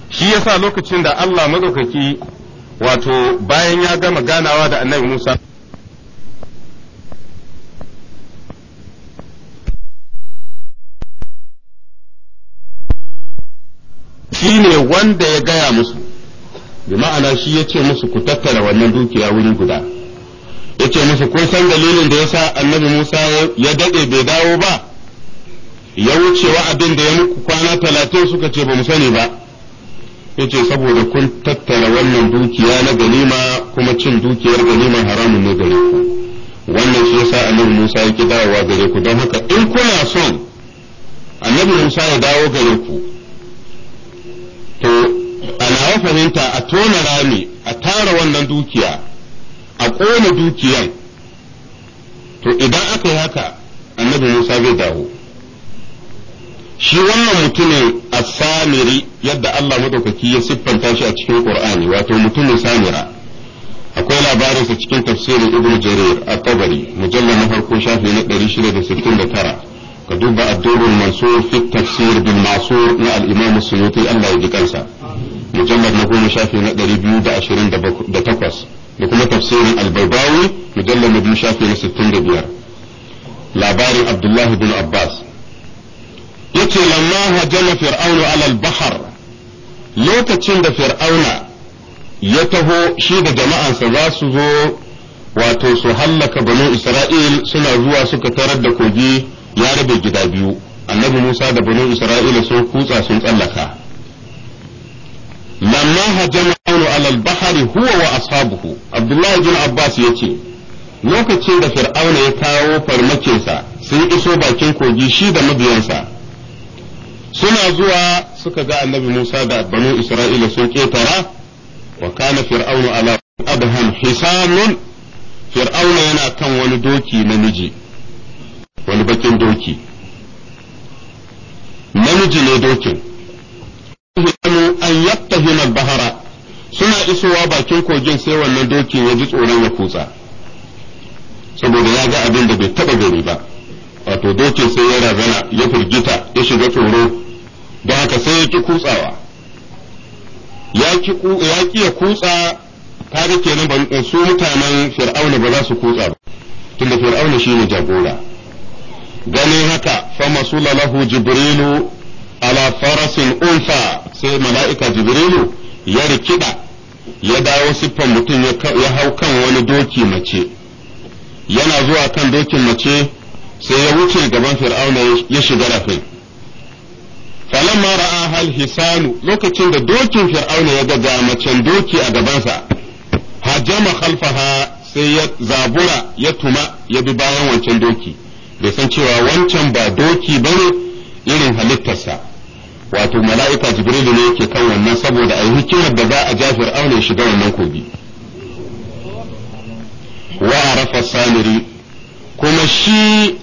[SPEAKER 1] shi yasa lokacin da Allah madaukaki wato bayan ya gama ganawa da Annabi Musa shi ne wanda ya gaya musu bi ma'ana shi ya ce musu ku tattara wannan dukiya wuri guda ya ce musu kun san dalilin da ya sa annabi musa ya daɗe bai dawo ba ya wuce wa'adin da ya muku kwana talatin suka ce ba mu sani ba ya ce saboda kun tattara wannan dukiya na ganima kuma cin dukiyar ganima haramun ne gare ku wannan shi ya sa annabi musa ya ki dawowa gare ku don haka in kuna son annabi musa ya dawo gare ku to alawa fahimta a tona rami a tara wannan dukiya a ƙona dukiyan to idan aka yi haka annabi musa zai dawo shi wannan mutumin a samiri yadda Allah madaukaki ya siffanta shi a cikin Qur'ani wato mutumin samira akwai labarinsa cikin tafsirin Ibn Jarir a tabari mujallar na farko shafi na 669 ka duba addurul mansur fi na al-imam suyuti Allah ya ji kansa mujallad na goma shafi na 228 da kuma tafsirin al-baydawi na biyu shafi na 65 labarin abdullahi bin abbas yace lamma hajama fir'aunu ala al lokacin da fir'auna ya taho shi da jama'ansa za su zo wato su hallaka banu isra'il suna zuwa suka tarar da kogi ya rabe gida biyu annabi Musa da bani Isra'ila sun kutsa sun tsallaka lamma hajjama alal bahari huwa wa ashabuhu Abdullahi bin Abbas ya ce lokacin da Fir'auna ya kawo farmakinsa sun iso bakin kogi shi da mabiyansa suna zuwa suka ga annabi Musa da banu Isra'ila sun ketara wa kana fir'auna ala adham hisamun fir'auna yana kan wani doki namiji wani bakin doki namiji ne dokin an yattahima bahara suna isowa bakin kogin sai wannan dokin ya ji tsoron ya kutsa saboda ya ga abin da bai taba gari ba wato dokin sai ya razana ya firgita ya shiga tsoro da haka sai ya ki kutsawa ya ki ya kutsa kaga kenan su mutanen fir'auna ba za su kutsa ba tunda fir'auna shi ne jagora ganin haka fa masula lahu jibrilu ala farasin unfa sai mala'ika jibrilu ya rikida ya dawo siffan mutum ya hau kan wani doki mace yana zuwa kan dokin mace sai ya wuce gaban fir'auna ya shiga rafin falamma ra'a hal hisanu lokacin da dokin fir'auna ya ga macen doki a gabansa hajama khalfaha sai ya zabura ya tuma ya bi bayan wancan doki bai san cewa wancan ba doki bane irin halittarsa wato mala'ika jibrilu ne yake kan wannan saboda a yi hikimar da za a ja fir'auna ya shiga wannan kogi wa arafa samiri kuma shi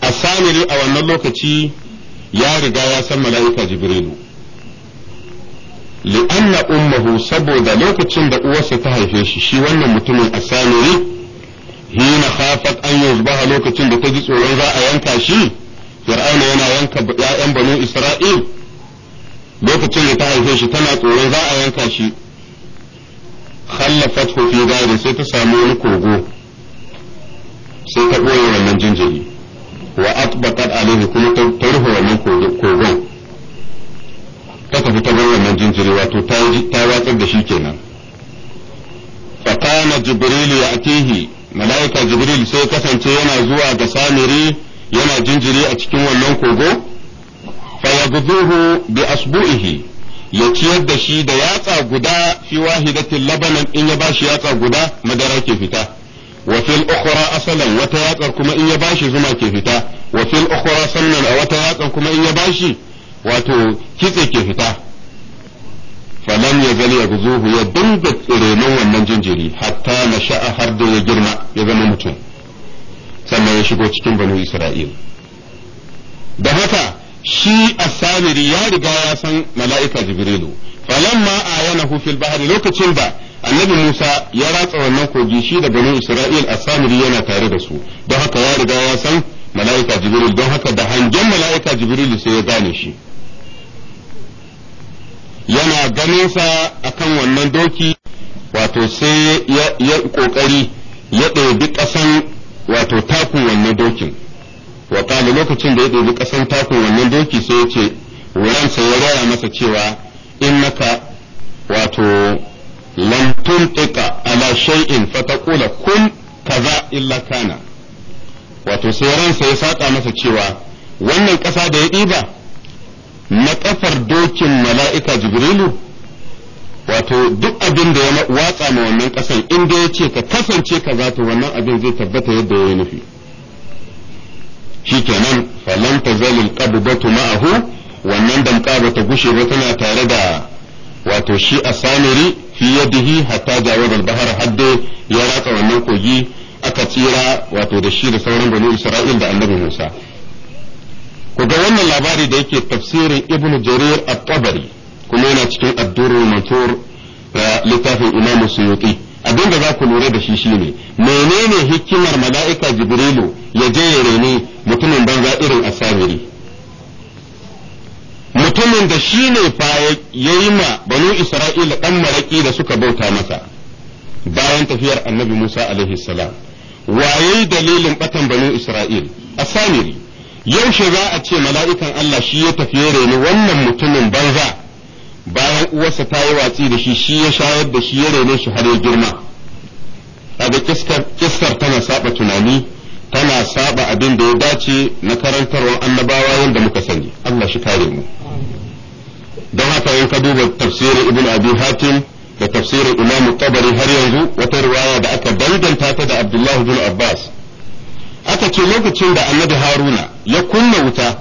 [SPEAKER 1] a samiri a wannan lokaci ya riga ya san mala'ika jibrilu li'anna ummahu saboda lokacin da uwarsa ta haife shi shi wannan mutumin a hina khafat an yuzbaha lokacin da ta ji tsoron za a yanka shi fir'auna yana yanka ya'yan banin isra'il lokacin da ta haife shi tana tsoron za a yanka shi khallafat fi dari sai ta sami wani kogo sai ta ɓoye wannan jinjiri wa atbaqat alaihi kuma ta rufe wannan kogon ta tafi ta bar wannan jinjiri wato ta watsar da shi kenan fa kana jibril ya'tihi mala'ika jibril sai kasance yana zuwa ga samiri yana jinjiri a cikin wannan kogo fayagzuhu bi asbu'ihi ya ciyar da shi da yatsa guda fi wahidatin labanan in ya bashi yatsa guda madara ke fita wa fil ukhra asalan wata yatsar kuma in ya bashi zuma ke fita wa fil ukhra sannan a wata yatsar kuma in ya bashi wato kitse ke fita ya gani ya guzuhu ya dinga tsirenin wannan jinjiri hatta na sha'a har da ya girma ya zama mutum sannan ya shigo cikin banu Isra'il. Da haka shi asamiri ya riga ya san mala'ika Jibrilu, falamma a yana fil bahari lokacin da annabi Musa ya ratsa wannan kogi shi da banu Isra'il asamiri yana tare da su, don haka ya riga ya san mala'ika Jibril don haka da hangen mala'ika Jibrilu sai ya gane shi. yana ganinsa a kan wannan doki wato sai ya ƙoƙari ya ɗebi ƙasan wato takun wannan dokin wa lokacin da ya ɗebi ƙasan takun wannan doki sai ya ce wuransa ya raya masa cewa innaka wato lam tuntika ala shay'in fataqula kun kaza illa kana wato sai ransa ya saka masa cewa wannan ƙasa da ya ɗiba na ƙafar dokin mala'ika jibrilu wato duk abin da ya watsa ma wannan kasan inda ya ce ka kasance ka za ta wannan abin zai tabbata yadda ya nufi shikenan falan ta zalil batu ma'ahu wannan damka ba ta gushe ba tana tare da wato shi a samiri fi yadihi hatta jawar bahar hadde ya ratsa wannan kogi aka tsira wato da shi da sauran banu Isra'il da annabi Musa ku ga wannan labari da yake tafsirin ibn jarir at-tabari kuma yana cikin ad-durrul mansur eh, littafin imamu suyuti abin za ku lura da shi shine menene hikimar mala'ika jibrilu ya je ya reni mutumin banza irin asabiri mutumin da shine ne fa ya yi ma banu isra'ila dan maraƙi da suka bauta masa bayan tafiyar annabi musa alaihi salam waye dalilin batan banu isra'il asamiri yaushe za a ce mala'ikan Allah shi ya tafi ya reni wannan mutumin banza bayan uwarsa ta yi watsi da shi shi ya shayar da shi ya rene shi har ya girma kaga kistar tana saba tunani tana saba abin da ya dace na karantarwar annabawa wanda muka sani Allah shi kare mu don haka yanka ka duba tafsirin ibn abi hatim da tafsirin imam tabari har yanzu wata riwaya da aka danganta ta da abdullahi bin abbas aka ce lokacin da annabi haruna ya kunna wuta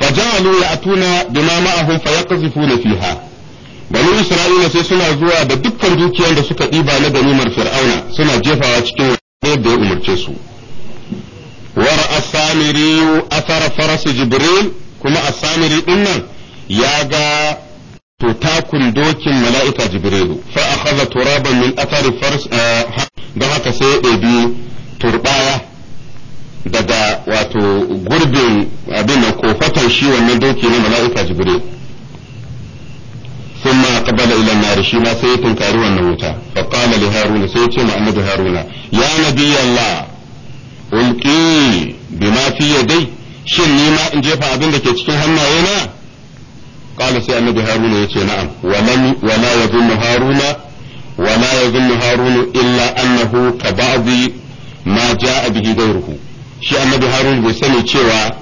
[SPEAKER 1] fajalu ya atuna bima ma'ahum fa yaqzifuna fiha bani isra'ila sai suna zuwa da dukkan dukiyar da suka ɗiba na ganimar fir'auna suna jefawa cikin yadda ya umarce su wara asamiri athara faras jibril kuma asamiri din nan ya ga to takun dokin mala'ika jibrilu fa akhadha turaban min athari faras da eh, haka sai ya da shi wannan doki na mala'ika jibril ثم أقبل إلى النار شيما haruna sai ya ce ma سيتي محمد هارون يا نبي الله ألقي بما في يدي shin ni ma in jefa abin da ke cikin hannaye na qala sai annabi haruna yace na'am walam wala yadhunnu haruna wala haruna illa annahu ka ba'dhi ma ja'a bihi ghayruhu shi annabi haruna bai sani cewa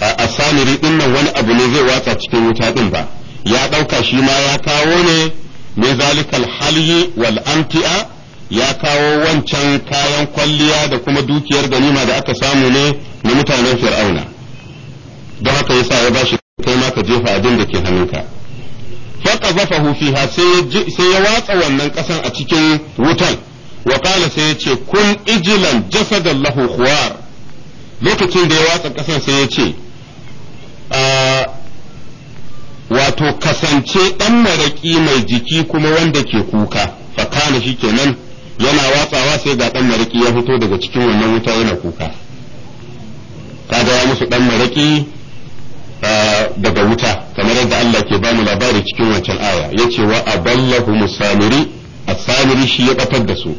[SPEAKER 1] asamiri din nan wani abu ne zai watsa cikin wuta din ba ya ɗauka shi ma ya kawo ne ne zalikal halyi wal amti'a ya kawo wancan kayan kwalliya da kuma dukiyar ganima da aka samu ne na mutanen fir'auna don haka yasa ya bashi kai ma ka jefa abin da ke hannunka faqazafahu fiha sai ya watsa wannan kasan a cikin wutan wa sai ya ce kun ijilan jasadan khuwar lokacin da ya watsa kasan sai ya ce wato kasance ɗan maraƙi mai jiki kuma wanda ke kuka fakana shi kenan yana watsawa sai ga ɗan maraƙi ya fito daga cikin wannan wuta yana kuka kaga ya musu ɗan maraƙi daga wuta kamar yadda Allah ke bamu labari cikin wancan aya Ya yace wa aballahu musamiri asamiri shi ya batar da su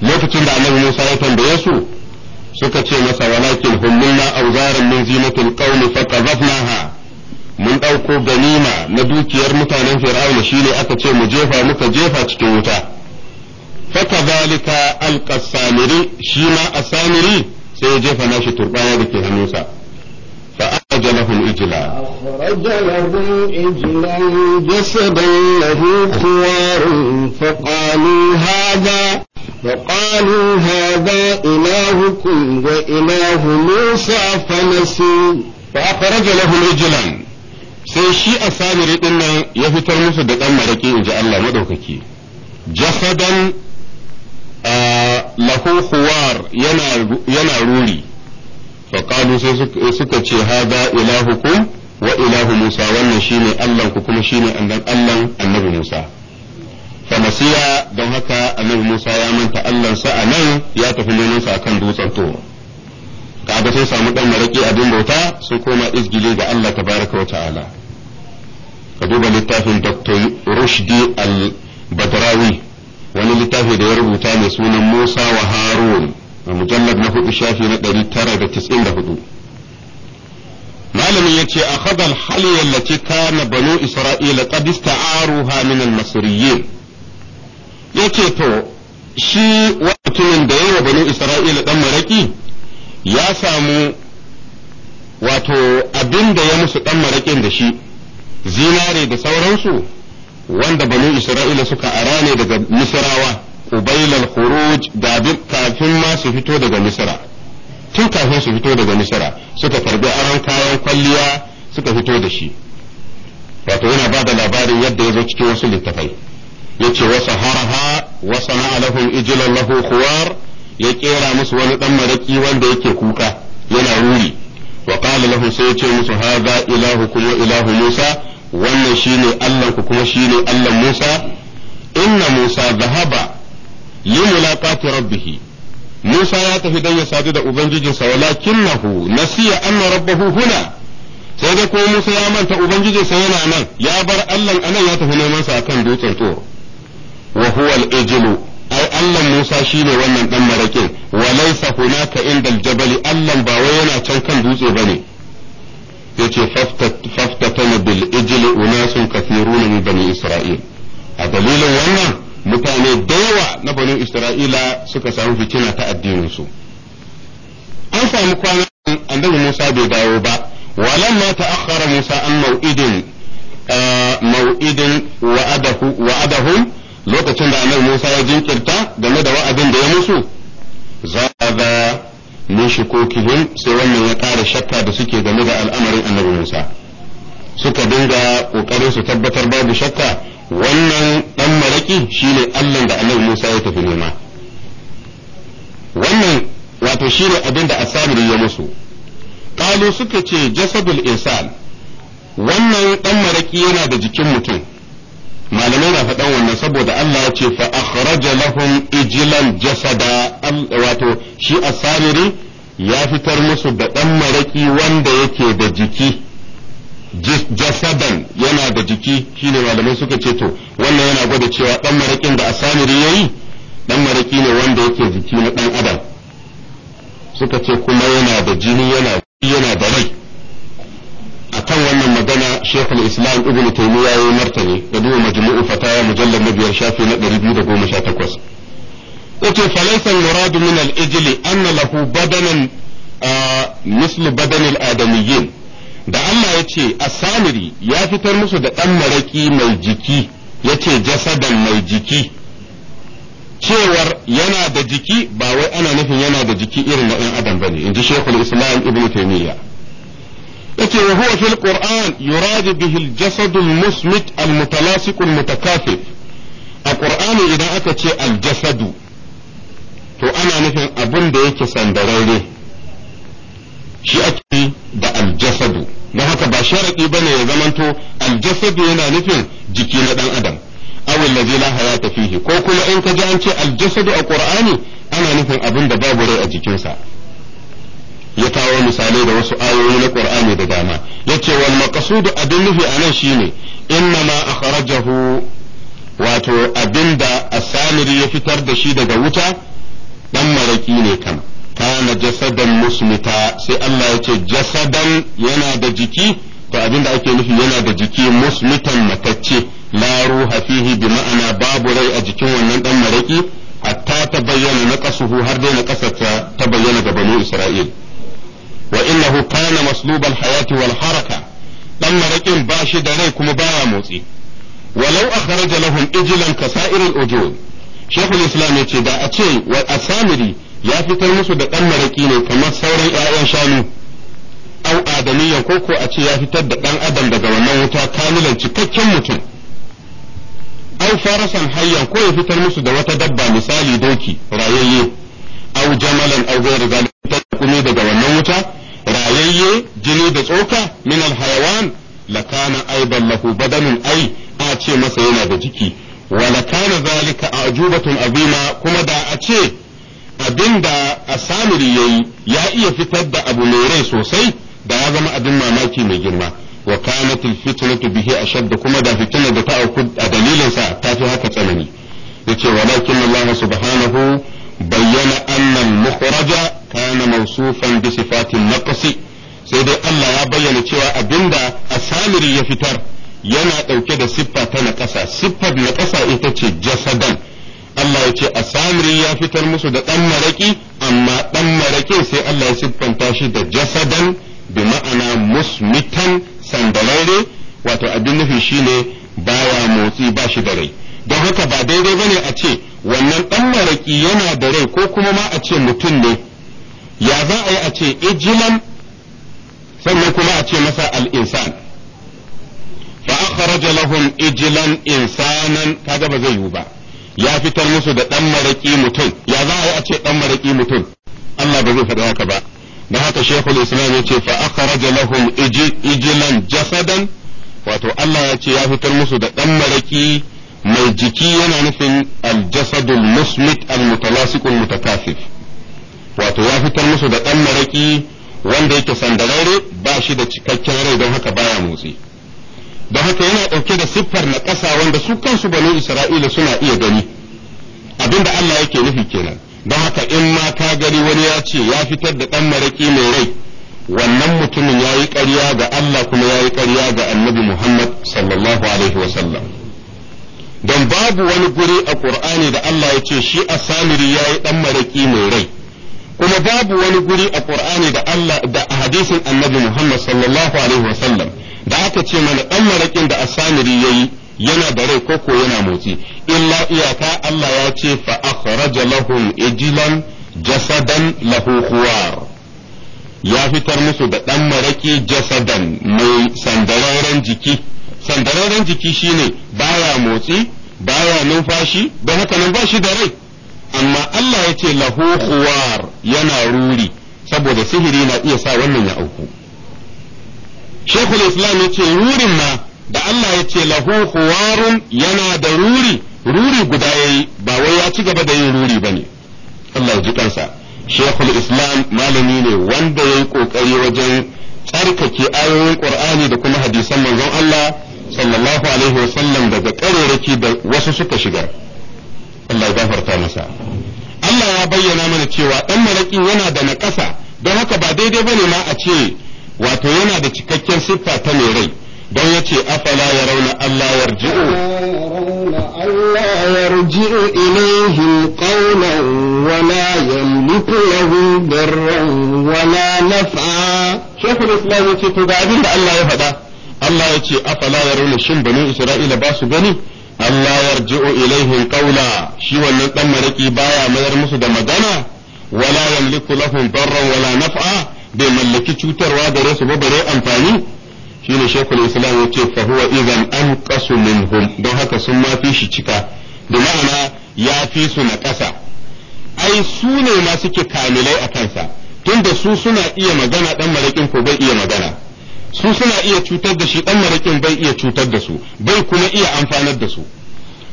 [SPEAKER 1] lokacin da annabi Musa ya tambaye su suka ce masa walakin hullunna auzaran min zinatil qaumi faqadhafnaha mun ɗauko ganima na dukiyar mutanen fir'auna shine aka ce mu jefa muka jefa cikin wuta fakazalika alqasamiri shi ma asamiri sai ya jefa nashi turbaya da ke hannunsa فأخرج لهم إجلا
[SPEAKER 2] أخرج لهم إجلا جسدا له خوار فقالوا هذا وقالوا هذا إلهكم وإله موسى فنسوا فأخرج لهم إجلا sai shi a samiri din nan
[SPEAKER 1] ya fitar musu da ɗan maraƙi in ji Allah maɗaukaki jasadan lahu yana ruri faƙalu sai suka ce haza ilahukum ku ilahu musa wannan shine allahnku kuma shine allan annabi musa famasiya don haka annabi musa ya manta allansa a nan ya tafi nemansa kan dutsen toro kaga sun samu ɗan maraki abin bauta sun koma izgili ga Allah tabaraka wa ta'ala ka duba littafin Dr. Rushdi al-Badrawi wani littafi da ya rubuta mai sunan Musa wa Harun mujallad na hudu shafi na ɗari tara da tis'in da hudu malamin ya ce a hadal hali yallace kana banu isra'ila qad ista'aruha min al-masriyin yace to shi mutumin da wa banu isra'ila dan maraki ya samu wato abinda ya musu dan maraƙin da shi zinare da sauransu wanda banu isra'ila suka ara ne daga Misirawa. ubailal khuruj kafin ma su fito daga misra tun kafin su fito daga misira suka karbi aron kayan kwalliya suka fito da shi wato yana ba da labarin yadda ya zo cikin wasu littafai yace wa saharha wa sana'a lahum ijlan ya kera musu wani dan maraki wanda yake kuka yana ruri wa qala lahum sai yace musu hadha ilahukum wa ilahu musa wannan shine Allah ku kuma shine Allah Musa inna Musa zahaba limulaqati rabbih Musa ya tafi dan ya sadu da ubangijinsa walakinahu nasiya anna rabbahu huna sai dai ko Musa ya manta ubangijinsa yana nan ya bar Allah anan ya tafi neman sa akan dutsen tsoro wahuwal huwa al-ijlu ai Allah Musa shine wannan dan marakin wa laysa hunaka inda al-jabal Allah ba wai yana can kan dutse ba ne. yace faftatana bil ijili ijli unasun kathirun min bani isra'il a dalilin wannan mutane da yawa na banin isra'ila suka samu fitina ta addininsu an samu kwanan annabi musa bai dawo ba walamma ta'akhkhara musa an mau'idin uh, mau'idin wa'adahum lokacin da annabi musa ya jinkirta game da wa'adin da ya musu zaga min shukukihim sai wannan ya ƙara shakka da suke game da al'amarin annabi musa suka dinga ƙoƙarin su tabbatar babu shakka wannan ɗan maraƙi shine Allah da annabi Musa ya tafi nema wannan wato shine abinda da asamiri ya musu kalu suka ce jasadul insan wannan ɗan maraƙi yana da jikin mutum malamai na faɗan wannan saboda Allah ya ce fa lahun lahum ijlan jasada wato shi asamiri ya fitar musu da ɗan maraƙi wanda yake da jiki jasadan yana da jiki shine malamai suka ce to wannan yana gwada cewa dan marakin da asamiri yi dan maraki ne wanda yake jiki na dan adam suka ce kuma yana da jini yana yana da rai akan wannan magana Sheikh al-Islam Ibn Taymiyyah ya martani da duba majmu'u fataya mujallar na biyar shafi na 218 yace falaysa al-murad min al-ijli anna lahu badanan mislu badanil adamiyyin da Allah ya ce asamiri ya fitar musu da ɗan maraƙi mai jiki ya ce jasadan mai jiki cewar yana da jiki ba wai ana nufin yana da jiki irin na ɗan adam bane in ji shekul islam ibn taimiyya yace wa huwa fil qur'an yuradu bihi al jasad musmit al mutalasiq al mutakafif a qur'ani idan aka ce al jasadu to ana nufin abin da yake sandararre shi ake da al jasadu na haka ba ba ne ya zamanto aljasadu yana nufin jiki na dan adam awil ladzi la hayata fihi ko kuma in ka ji an ce aljasad a qur'ani ana nufin abin da babu rai a jikinsa ya kawo misalai da wasu ayoyi na kur'ani da dama yace wal maqsudu abin nufi anan shine inna ma akhrajahu wato abin da asamiri ya fitar da shi daga wuta dan maraƙi ne kama. kana jasadan musmita sai Allah ya ce jasadan yana da jiki to abin da ake nufi yana da jiki musmitan matacce la ruha fihi bi ma'ana babu rai a jikin wannan dan maraki hatta ta bayyana naqasuhu har dai kasarta ta bayyana ga banu Isra'il wa innahu kana maslubal hayati wal haraka dan marakin ba shi da rai kuma baya motsi walau akhraja lahum ijlan kasa'iril ujud shaykhul islam yace da a ce wa asamiri ya fitar musu da ɗan maraƙi ne kamar sauran 'ya'yan shanu au adamiyya ko ko a ce ya fitar da ɗan adam daga wannan wuta kamilan cikakken mutum au farasan hayyan ko ya fitar musu da wata dabba misali doki rayayye au jamalan au ghairu zalika kuma daga wannan wuta rayayye jini da tsoka min al hayawan lakana ai lahu badanun ai a ce masa yana da jiki wa lakana zalika ajubatun azima kuma da a ce abinda asamiri yayi ya iya fitar da abu mai rai sosai da ya zama abin mamaki mai girma wa kanat alfitnatu bihi ashadd kuma da fitnar da ta auku a dalilin sa ta fi haka tsanani yace walakin Allah subhanahu bayyana anna al-mukhraja kana mawsufan bi sifatin naqsi sai dai Allah ya bayyana cewa abinda asamiri ya fitar yana dauke da siffa ta naƙasa siffar naƙasa ita ce jasadan Allah ya ce a ya fitar musu da ɗan maraƙi amma ɗan maraƙin sai Allah ya siffanta shi da jasadan bi ma'ana musmitan sandararre wato abin nufi shine baya motsi ba shi da rai don haka ba daidai bane a ce wannan ɗan maraƙi yana da rai ko kuma ma a ce mutum ne ya za a yi a ce ijilan sannan kuma a ce masa al'insan fa akhraja lahum ijilan insanan kaga ba zai yiwu ba ya fitar musu da ɗan maraƙi mutum ya za a yi a ce ɗan maraƙi mutum Allah ba zai faɗi haka ba da haka shekul islam ya ce fa lahum ijilan jasadan wato Allah ya ce ya fitar musu da ɗan maraƙi mai jiki yana nufin aljasadul musmit almutalasiqul mutakasif wato ya fitar musu da ɗan maraƙi wanda yake sandararre ba shi da cikakken rai don haka baya motsi da haka yana ɗauke da siffar na ƙasa wanda su kansu bani isra'ila suna iya gani abinda Allah yake nufi kenan don haka in ma ka gani wani ya ce ya fitar da ɗan maraƙi mai rai wannan mutumin ya yi ƙarya ga Allah kuma ya yi ƙarya ga annabi Muhammad sallallahu alaihi don babu wani guri a Ƙur'ani da Allah ya ce shi a samiri ya yi ɗan maraƙi mai rai kuma babu wani guri a Ƙur'ani da Allah da hadisin annabi Muhammad sallallahu alaihi da aka ce mana ɗan maraƙin da asamiri ya yi yana da rai koko yana motsi illa iyaka Allah ya ce fa akhraja lahum ijlan jasadan lahu khuwar ya fitar musu da ɗan maraƙi jasadan mai sandararren jiki sandararren jiki shine baya motsi baya numfashi da haka nan bashi da rai amma Allah ya ce lahu khuwar yana ruri saboda sihiri na iya sa wannan ya auku shekul islam ya ce rurin ma da Allah ya ce lahu huwarun yana da ruri ruri guda ya yi. ba wai ya ci gaba da yin ruri ba ne. Allah ya ji kansa shekul islam malami ne wanda ya yi kokari wajen tsarkake ayoyin qur'ani da kuma hadisan manzon Allah sallallahu alaihi wasallam daga karerake da wasu suka shigar Allah ya gafarta masa Allah ya bayyana mana cewa dan malaki yana da naƙasa don haka ba daidai ba ne ma a ce wato yana da cikakken siffa ta mai rai don ya ce afala ya rauna Allah ya
[SPEAKER 2] yarji'u ilaihim qawlan wa la yamliku lahu darran wa naf'a shekul islam yace to ga abin da Allah ya faɗa Allah ya ce afala ya rauna shin banu isra'ila
[SPEAKER 1] ba su gani Allah yarji'u ilaihim qawla shi wannan dan maraki baya mayar musu da magana wala yamliku lahum darran wala naf'a bai mallaki cutarwa da rasu ba bare amfani Shi ne shekul islam ya ce fahuwa izan an kasu minhum don haka sun ma fi shi cika da ma'ana ya fi su na ƙasa ai su ne ma suke kamilai a kansa tun da su suna iya magana dan marakin ko bai iya magana su suna iya cutar da shi dan marakin bai iya cutar da su bai kuma iya amfanar da su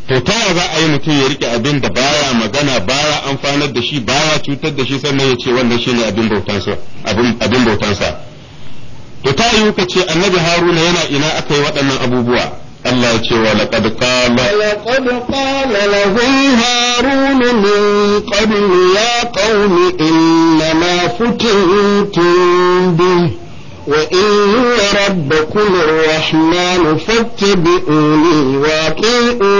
[SPEAKER 1] to ta ya za a yi mutum ya rike abin da baya magana baya amfanar da shi baya cutar da shi sannan ya ce wannan shi ne abin bautansa to ta yi ka ce annabi haruna yana ina aka yi waɗannan abubuwa Allah ya ce wa
[SPEAKER 2] laqad qala laqad qala lahum harun min ya qaumi inna ma futintum bi ربكم الرحمن فاتبعوني واطيعوا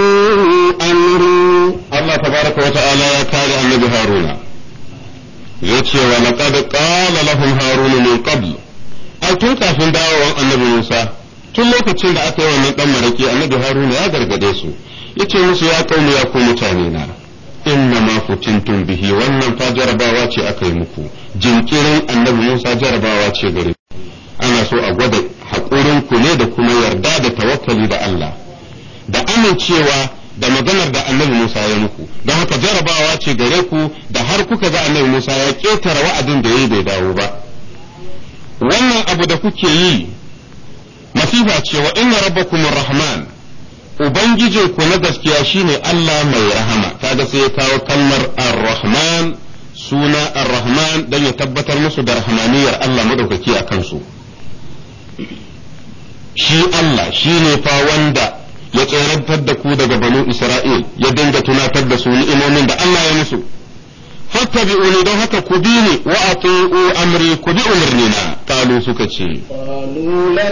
[SPEAKER 2] أمري الله تبارك وتعالى Haruna النبي هارون yace wa laqad qala lahum harun min qabl
[SPEAKER 1] ai tun kafin dawowar annabi Musa tun lokacin da aka yi wannan dan maraki annabi Haruna ya gargade su yace musu ya kauni ya ku mutane na inna ma futintum bihi wannan fa jarabawa ce aka yi muku jinkirin annabi Musa jarabawa ce gare ana so a gwada haƙurinku ne da kuma yarda da tawakkali da Allah da amincewa da maganar da annabi Musa ya muku don haka jarabawa ce gare ku da har kuka ga annabi Musa ya ƙetare wa'adin da yayi bai dawo ba wannan abu da kuke yi masifa ce wa inna rabbakumur rahman ubangijinku na gaskiya shine Allah mai rahama kaga sai ya kawo kalmar ar-rahman suna ar-rahman dan ya tabbatar musu da rahmaniyar Allah madaukaki a kansu shi Allah shi ne fa wanda ya tsorantar da ku daga banu Isra'il ya dinga tunatar da su ni'imomin da Allah ya musu fattabi'uni don haka ku bi ni wa ati'u amri ku bi na. qalu suka ce a lan
[SPEAKER 2] a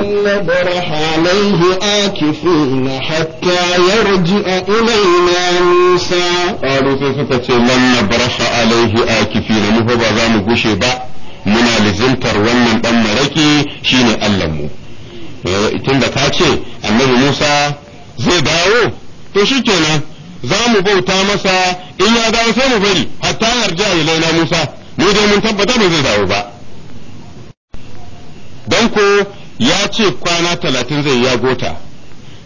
[SPEAKER 2] kifi akifin hatta yarji'a ilayna Musa qalu sai suka ce lan nabraha
[SPEAKER 1] alayhi akifin mu ba za mu gushe ba muna lizintar wannan dan maraki shine Allahnmu eh, da ka ce annabi Musa zai dawo to shi kenan za mu bauta masa in ya dawo sai mu bari hatta yarja laina Musa mu dai mun tabbata ba zai dawo ba dan ko ya ce kwana talatin zai ya gota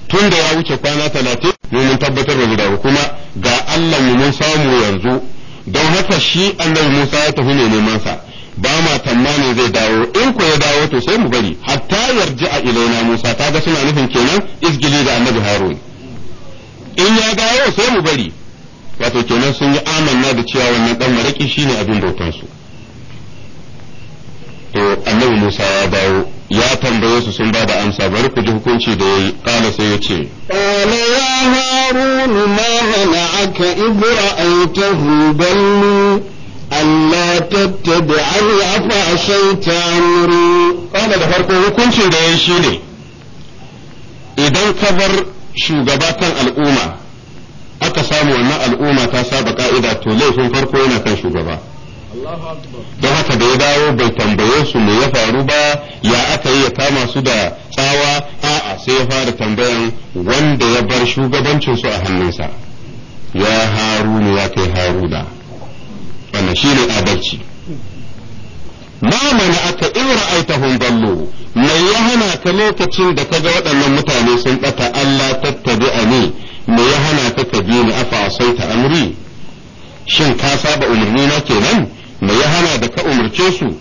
[SPEAKER 1] tun da ya wuce kwana talatin mu mun tabbatar ba zai dawo kuma ga Allah mu mun samu yanzu don haka shi annabi Musa ya tafi ne neman sa ba ma tsammanin zai dawo in ku ya dawo to sai mu bari hatta yarji a ilaina Musa ta ga suna nufin kenan izgili da annabi Harun in ya dawo sai mu bari wato kenan sun yi amanna da cewa wannan dan maraki shine abin bautan su to annabi Musa ya dawo ya tambaye su sun bada amsa bari ku ji hukunci da yayi kana sai ya ce
[SPEAKER 2] qala ya harun ma mana'aka ibra'aytahu ballu ألا تتبعني أفعصيت أمري قال ده فرقه hukuncin da ya shi ne idan ka bar
[SPEAKER 1] shugabatan al'umma aka samu wannan al'umma ta saba ƙa'ida to laifin farko yana kan shugaba don haka da ya dawo bai tambaye su me ya faru ba ya aka yi kama su da tsawa a'a sai ya fara tambayan wanda ya bar shugabancinsu a hannunsa ya haruna ya kai haruna wannan shine adalci ma mana aka in ra'aitahum dallu mai ya hana ka lokacin da kaga waɗannan mutane sun bata Allah a ne me ya hana ka ka bi ni afa amri shin ka saba umarni na kenan me ya hana da ka umarce su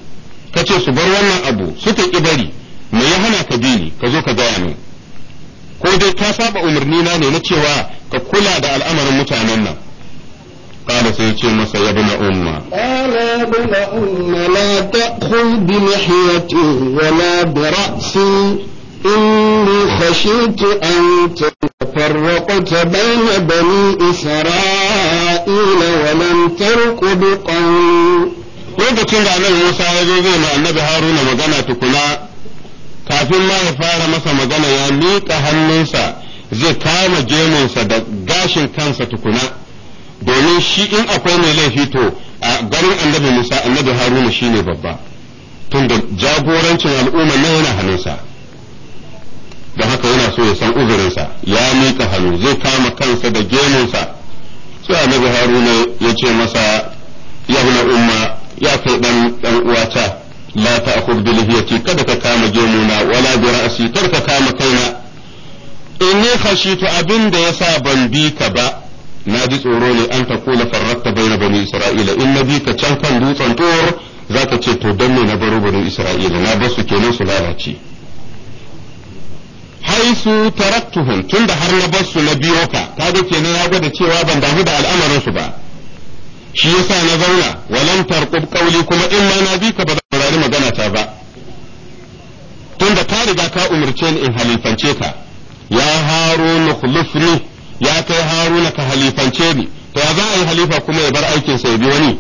[SPEAKER 1] ka ce su bar wannan abu suka ki bari me ya hana ka bi ni ka zo ka gaya ni ko dai ka saba umarni na ne na cewa ka kula da al'amarin mutanen nan قال سيتي مسا يا ابن أمة
[SPEAKER 2] قال يا ابن أمة لا تأخذ بلحيتي ولا برأسي إني خشيت أن تفرقت بين بني إسرائيل ولم ترق بقول lokacin da annabi Musa ya zo zai ma
[SPEAKER 1] annabi Haruna magana tukuna kafin ma ya fara masa magana ya miƙa hannunsa zai kama jemunsa da gashin kansa tukuna domin shi in akwai mai laifi to a garin annabi Musa annabi Haruna shine babba tunda jagorancin al'umma ne yana hannunsa da haka yana so ya san uzurinsa ya mika hannu zai kama kansa da gemunsa sai annabi Haruna ya ce masa ya umma ya kai dan dan uwata la akhud bi lihiyati kada ka kama gemuna wala bi ra'si kada ka kama kaina
[SPEAKER 2] inni khashitu
[SPEAKER 1] abinda yasa ban bi ka ba na ji tsoro ne an ta kula farrakta baina bani isra'ila in na bi ka can kan dutsen tuwar za ka ce to don ne na baro bani isra'ila na basu kenan su lalace haisu tun tunda har na basu na biyo ka kaga kenan ya gwada cewa ban damu da al'amarin su ba shi yasa na zauna walam tarqub qawli kuma in ma na bi ka ba da magana ta ba tunda ka riga ka umarce ni in halifance ka ya haro nukhlifni ya kai haruna ka halifance ni to ya za a yi halifa kuma ya bar aikin sa ya bi wani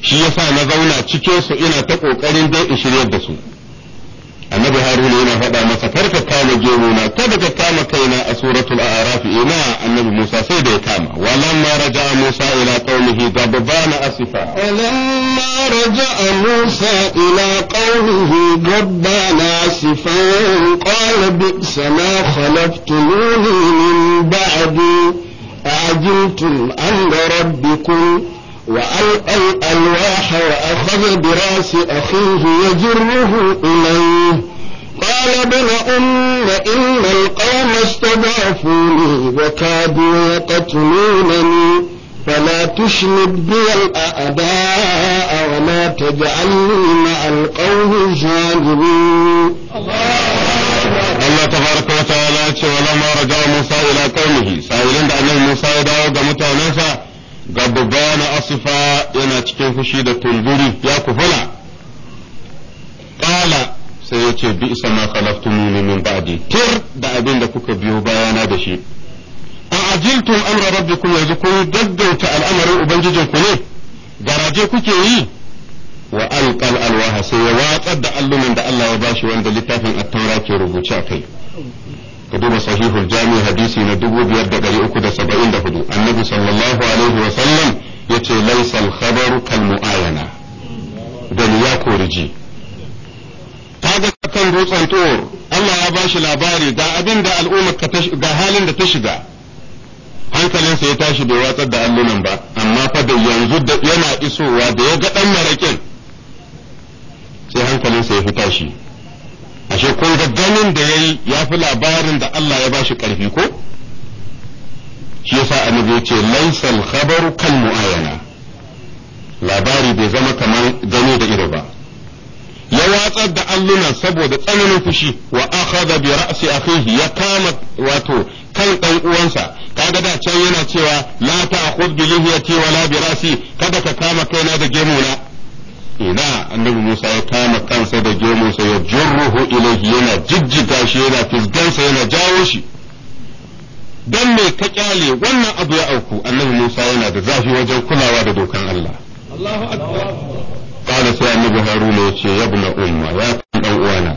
[SPEAKER 1] shi yasa na zauna cikin su ina ta kokarin dai in shiryar da su annabi haruna yana faɗa masa karka kama gemuna kada ka kama kaina a suratul a'raf ina annabi musa sai da ya kama walamma raja'a musa ila qaumihi gabbana
[SPEAKER 2] asifa walamma raja'a musa ila qaumihi gabbana asifa qala bi'sa ma khalaftumuni min ba'di أعجلتم أمر ربكم وألقى الألواح وأخذ براس أخيه يجره إليه قال ابن أم إن القوم استضعفوني وكادوا يقتلونني فلا تشمد بي الأعداء ولا تجعلني مع القوم الظالمين
[SPEAKER 1] الله تبارك وتعالى ولما رجع موسى إلى قومه سائلين بأن موسى يدعو بمتعنفة na asufa yana cikin fushi da tumburi ya kufula ƙala sai ya ce bi isa ma khalaftumuni min ba'di tir da abin da kuka biyo bayana da shi a jintun amra rabbikum yanzu kun gaggauta al'amarin ubangijin ne garaje kuke yi wa alqal alwaha sai ya watsar da allumin da Allah ya bashi wanda littafin at-taura ke rubuce a kai ka duba sahihul jami hadisi na 5374 annabi sallallahu alaihi wa sallam yace laysa al-khabaru kal mu'ayana dan ya koriji kaga kan dutsen tur Allah ya bashi labari ga abinda al'ummar al'umma ga halin da ta shiga hankalinsa ya tashi bai watsar da allunan ba amma fa da yanzu yana isowa da ya ga dan marakin sai hankalinsa ya fi tashi ashe kun ga ganin da ya fi labarin da Allah ya bashi karfi ko shi yasa annabi yace laysal khabaru kal muayana labari bai zama kamar gani da ido ba ya watsar da alluna saboda tsananin fushi wa akhadha bi ra'si akhihi ya kama wato kan dan uwansa kaga da can yana cewa la ta'khudh bi lihiyati wala bi ra'si kada ka kama kaina da gemuna ina annabi Musa ya kama kansa da gemunsa ya jirruhu ilaihi yana jijjiga shi yana fisgansa yana jawo shi don me ka kyale wannan abu ya auku annabi Musa yana da zafi wajen kulawa da dokan Allah Allahu akbar qala sai annabi Haruna ce ya ibn umma ya kan dan uwana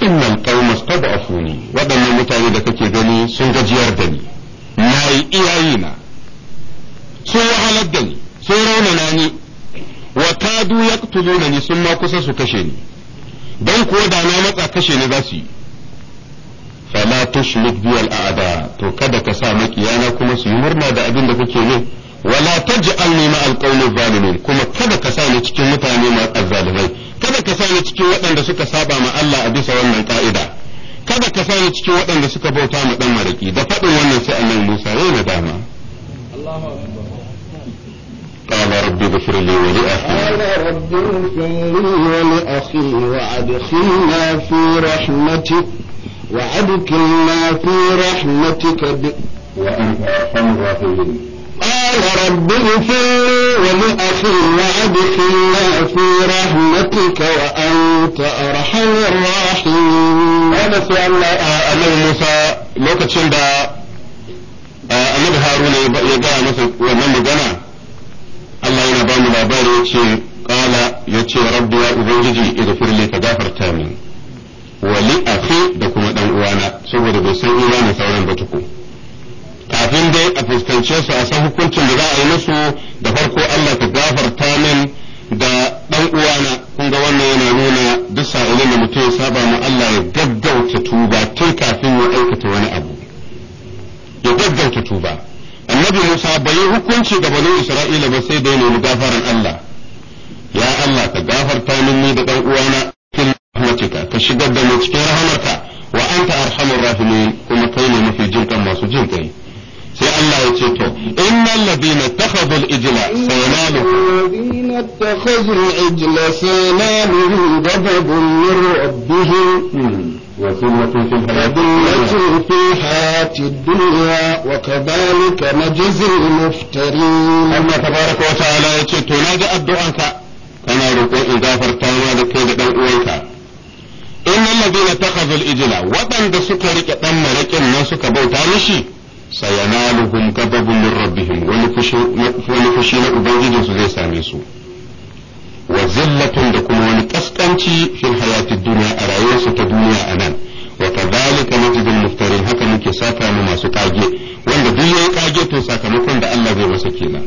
[SPEAKER 1] innal qauma istad'afuni wadannan mutane da kake gani sun gajiyar da ni nayi iyayina sun wahalar da ni sun raunana ni wa kadu yaqtuluna ni sun ma kusa su kashe ni dan kuwa da na matsa kashe ni za su yi fala tushrik a'da to kada ka sa makiyana kuma suyi murna da abin da kuke yi wala taj'alni ma al qawmi kuma kada ka sa ni cikin mutane ma azzalimai kada ka sa ni cikin waɗanda suka saba ma Allah a bisa wannan ka'ida kada ka sa ni cikin waɗanda suka bauta ma ɗan maraki da faɗin wannan sai annabi Musa yana dama Allahu قال رب اغفر لي ولأخي
[SPEAKER 2] قال رب اغفر لي ولأخي وأدخلنا في رحمتك وأدخلنا في رحمتك ب...
[SPEAKER 3] وأنت أرحم
[SPEAKER 2] قال رب اغفر لي ولأخي وأدخلنا في رحمتك وأنت أرحم الراحمين هذا سؤال النبي موسى لوكتشن ده
[SPEAKER 1] آه، النبي هارون يبقى مثل ومن مجمع Allah yana ba labari ya ce kala ya ce rabbi ya ubangiji igfirli ka gafarta min wali akhi da kuma dan uwana saboda bai san ne sauran ba tuku kafin dai a fuskance su a san hukuncin da za a yi musu da farko Allah ka gafarta min da dan uwana kun ga wannan yana nuna duk sa'ilin da mutum ya saba mu Allah ya gaggauta tuba tun kafin ya aikata wani abu ya gaggauta tuba annabi Musa bai yi hukunci ga banu Isra'ila ba sai da ya nemi gafaran Allah ya Allah ka gafarta minni da dan uwana cikin rahmatika ka shigar da mu cikin rahmarka wa anta arhamur rahimin kuma kai ne mafi jinkan masu jin kai sai Allah ya ce to innal ladina takhadul ijla sayanalu
[SPEAKER 2] ladina takhadul ijla sayanalu ghadabun min rabbihim وذلة في الحياة الدنيا وكذلك نجزي المفترين الله تبارك وتعالى يتشي تنادى الدعاء
[SPEAKER 1] كما رقوا إذا فرطانا لكي لدن أولك إن الذين اتخذوا الإجلة وطن دسك لك أم لك الناس كبوتا مشي سينالهم كذب من ربهم ولفشي لأبنجي جنسو زي سامي سوء wa zillatun da kuma wani kaskanci fil hayati duniya a rayuwarsa ta duniya a nan wa kadhalika najidul muftarin haka muke saka mu masu kage wanda duk yayi kage to sakamakon da Allah zai masa kenan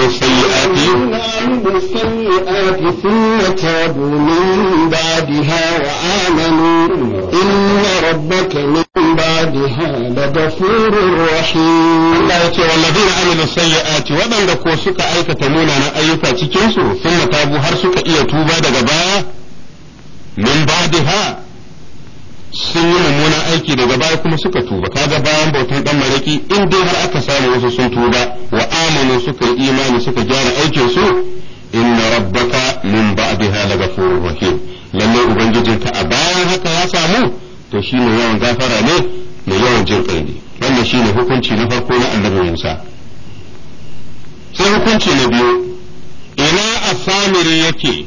[SPEAKER 2] يعمل السيئات يعمل السيئات ثم تابوا من بعدها وآمنوا إن ربك من بعدها لغفور رحيم الله يتوى الذين عملوا السيئات ومن لكو سكا أيكا تمونا أيكا تكنسو ثم تابوا هر سكا إيا توبا
[SPEAKER 1] دقبا من بعدها sun yi mummuna aiki daga baya kuma suka tuba kaga bayan bautan dan maraki in dai har aka samu wasu sun tuba wa amanu suka yi imani suka gyara aikin su inna rabbaka min ba'daha lagafurur rahim lalle ka a bayan haka ya samu to shine yawan gafara ne mai yawan jinkai ne wannan shine hukunci na farko na annabi Musa sai hukunci na biyu ina asamiri yake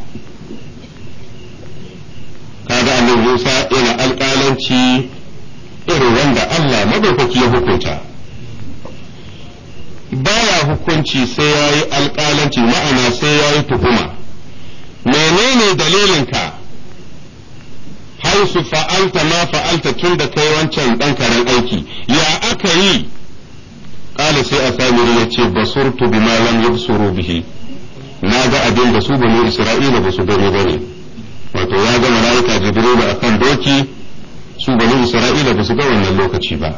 [SPEAKER 1] kaga annabi Musa yana alƙalanci irin wanda Allah madaukaki ya hukunta baya hukunci sai ya yi alƙalanci ma'ana sai ya yi tuhuma menene dalilinka har su fa'alta ma fa'alta tun da kai wancan ɗan karen aiki ya aka yi ƙala sai a samiri ya ce basurtu bima lam yabsuru bihi na ga abin da su bani isra'ila ba su gani ba ne wato ya ga mala'ika jibrilu akan doki su bani isra'ila ba su ga wannan lokaci ba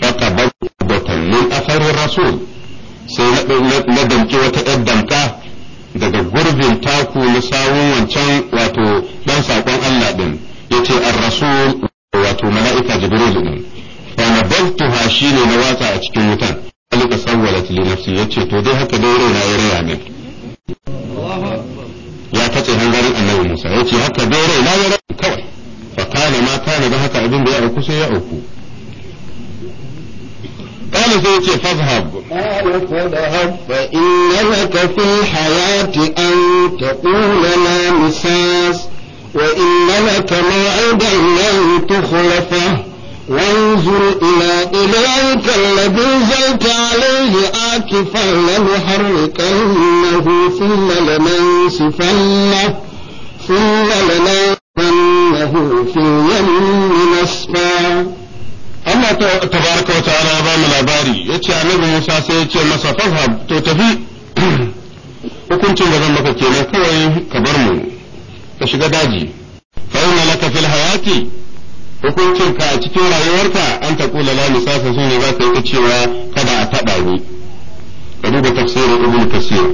[SPEAKER 1] faka babbatan min afarin rasul sai na damke wata ɗan damka daga gurbin taku na sawun wancan wato dan saƙon Allah din yace an rasul wato mala'ika jibril din ha shi ne na watsa a cikin wutan alika sawwalat li nafsi yace to dai haka dai raina ya raya ne. ya tace hangarin annabi Musa ya ce haka dai rai na rai kawai fa kana ma kana da haka abin da ya auku sai ya auku
[SPEAKER 2] قال سيدي فاذهب قال فاذهب فإن لك في الحياة أن تقول لا مساس وإن لك موعدا لن تخلفه وانظر إلى إلهك الذي زلت عليه آكفا لنحركنه ثم لننسفنه ثم لننسفنه في اليم نسفا Allah tabaraka wa ta'ala ba mu labari yace annabi Musa sai yace masa fahab to tafi
[SPEAKER 1] hukuncin da zan maka kenan kawai ka bar mu ka shiga daji fa inna laka fil hayati hukuncin ka a cikin rayuwarka an ta kula la misasa su ne za ka yi ta cewa kada a taɓa ni ka duba tafsirin Ibn kasir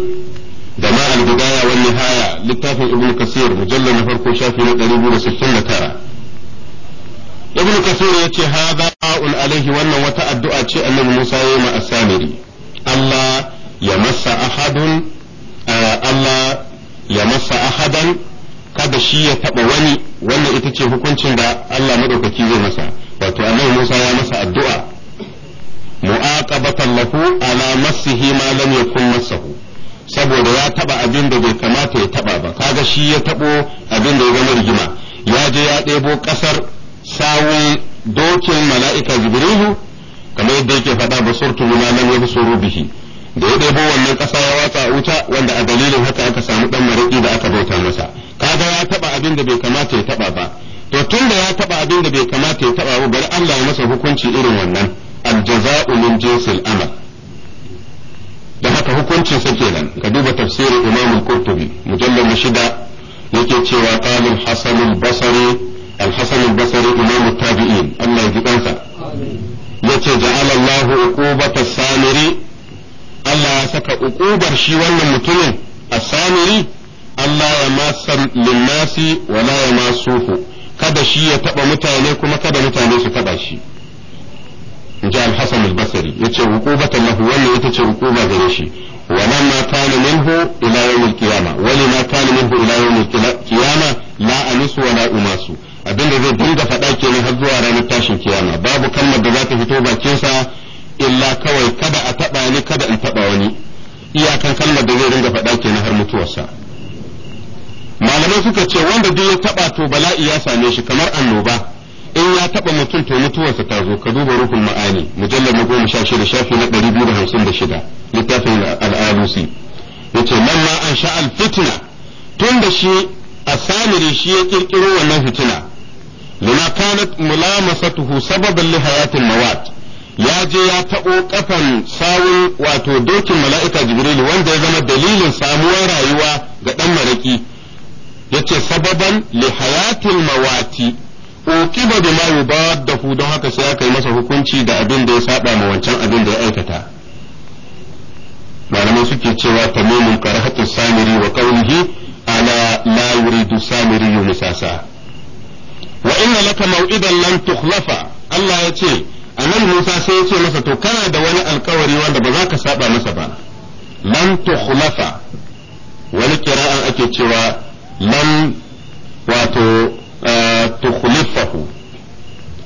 [SPEAKER 1] da ma al-bidaya wal nihaya littafin Ibn kasir mujallal na farko shafi na 269 Ibn kasir yace hada ul alaihi wannan wata addu'a ce annabi Musa ya yi ma asamiri Allah ya masa ahadun eh, Allah ya ahadan kada shi ya taɓa wani wannan ita ce hukuncin da Allah madaukaki zai masa wato annabi Musa ya masa addu'a mu'aqabatan lahu ala massihi ma lam yakun massahu saboda ya taba abin da bai kamata ya taba ba kaga shi ya tabo abin da ya zama rigima ya je ya debo kasar sawun dokin mala'ika jibrilu kamar yadda yake faɗa ba surtu ma lam yusuru bihi da ya debo wannan ƙasa ya watsa wuta wanda a dalilin haka aka samu dan maraƙi da aka bauta masa kaga ya taba abin da bai kamata ya taba ba to tun da ya taba abin da bai kamata ya taba ba bari Allah ya masa hukunci irin wannan aljaza'u min jinsil amal
[SPEAKER 2] da haka hukuncin
[SPEAKER 1] sa kenan ka duba tafsirin Imam Qurtubi mujallal shida yake cewa qalil hasan al-basri al-hasan al-basri tabi'in Allah ya ji yace ja'alallahu Allahu uqubata Allah ya saka uqubar shi wannan mutumin as Allah ya masar linnasi wa la ya masuhu kada shi ya taba mutane kuma kada mutane su taba shi inji al-Hasan al-Basri yace uqubatan lahu wannan ita ce uquba gare shi wa man ma kana minhu ila yawm al-qiyamah wa ma kana minhu ila yawm al-qiyamah la anisu wa la umasu abinda zai dinga faɗa kenan har zuwa ranar tashin kiyama babu kalmar da za ta fito bakinsa illa kawai kada a taɓa ni kada in taba wani iyakan kalmar da zai dinga faɗa kenan har mutuwarsa malamai suka ce wanda duk ya taba to bala'i ya same shi kamar annoba in ya taba mutum to mutuwarsa ta zo ka duba ruhun ma'ani mujallar na goma sha shida shafi na ɗari biyu da hamsin da shida littafin al'alusi ya ce man ma an sha alfitina tun da shi a samiri shi ya kirkiro wannan fitina lima kanat mulamasatuhu sababin li hayatin mawat ya je ya taɓo kafan sawun wato dokin mala'ika jibril wanda ya zama dalilin samuwar rayuwa ga ɗan maraki yace sababan li hayatil mawati uqiba bima yubaddahu don haka sai aka yi masa hukunci da abin da ya saba ma wancan abin da ya aikata malamai suke cewa tamimin karhatu samiri wa qawlihi ala la yuridu samiri yumisasa wa inna laka maw'idan lan tukhlafa Allah ya ce nan Musa sai ya ce masa to kana da wani alkawari wanda ba za ka saba masa ba lan tukhlafa wani kira'an ake cewa lam wato tukhlifahu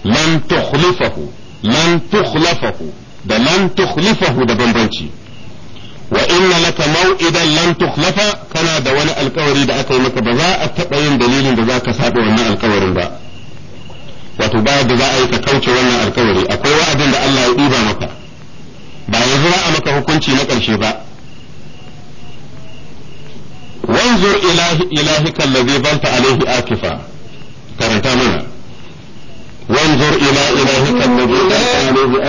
[SPEAKER 1] lam tukhlifahu lam tukhlafahu da lam tukhlifahu da banbanci. wa inna idan maw'idan lam tukhlafa kana da wani alkawari da aka yi maka ba za a taɓa yin dalilin da za ka saba wannan alkawarin ba wato ba da za a yi ka kauce wannan alkawari akwai wa'adin da Allah ya ɗiba maka ba yanzu za a maka hukunci na ƙarshe ba wanzur ilahika allazi banta alaihi
[SPEAKER 2] akifa karanta mana وانظر إلى إلهك الذي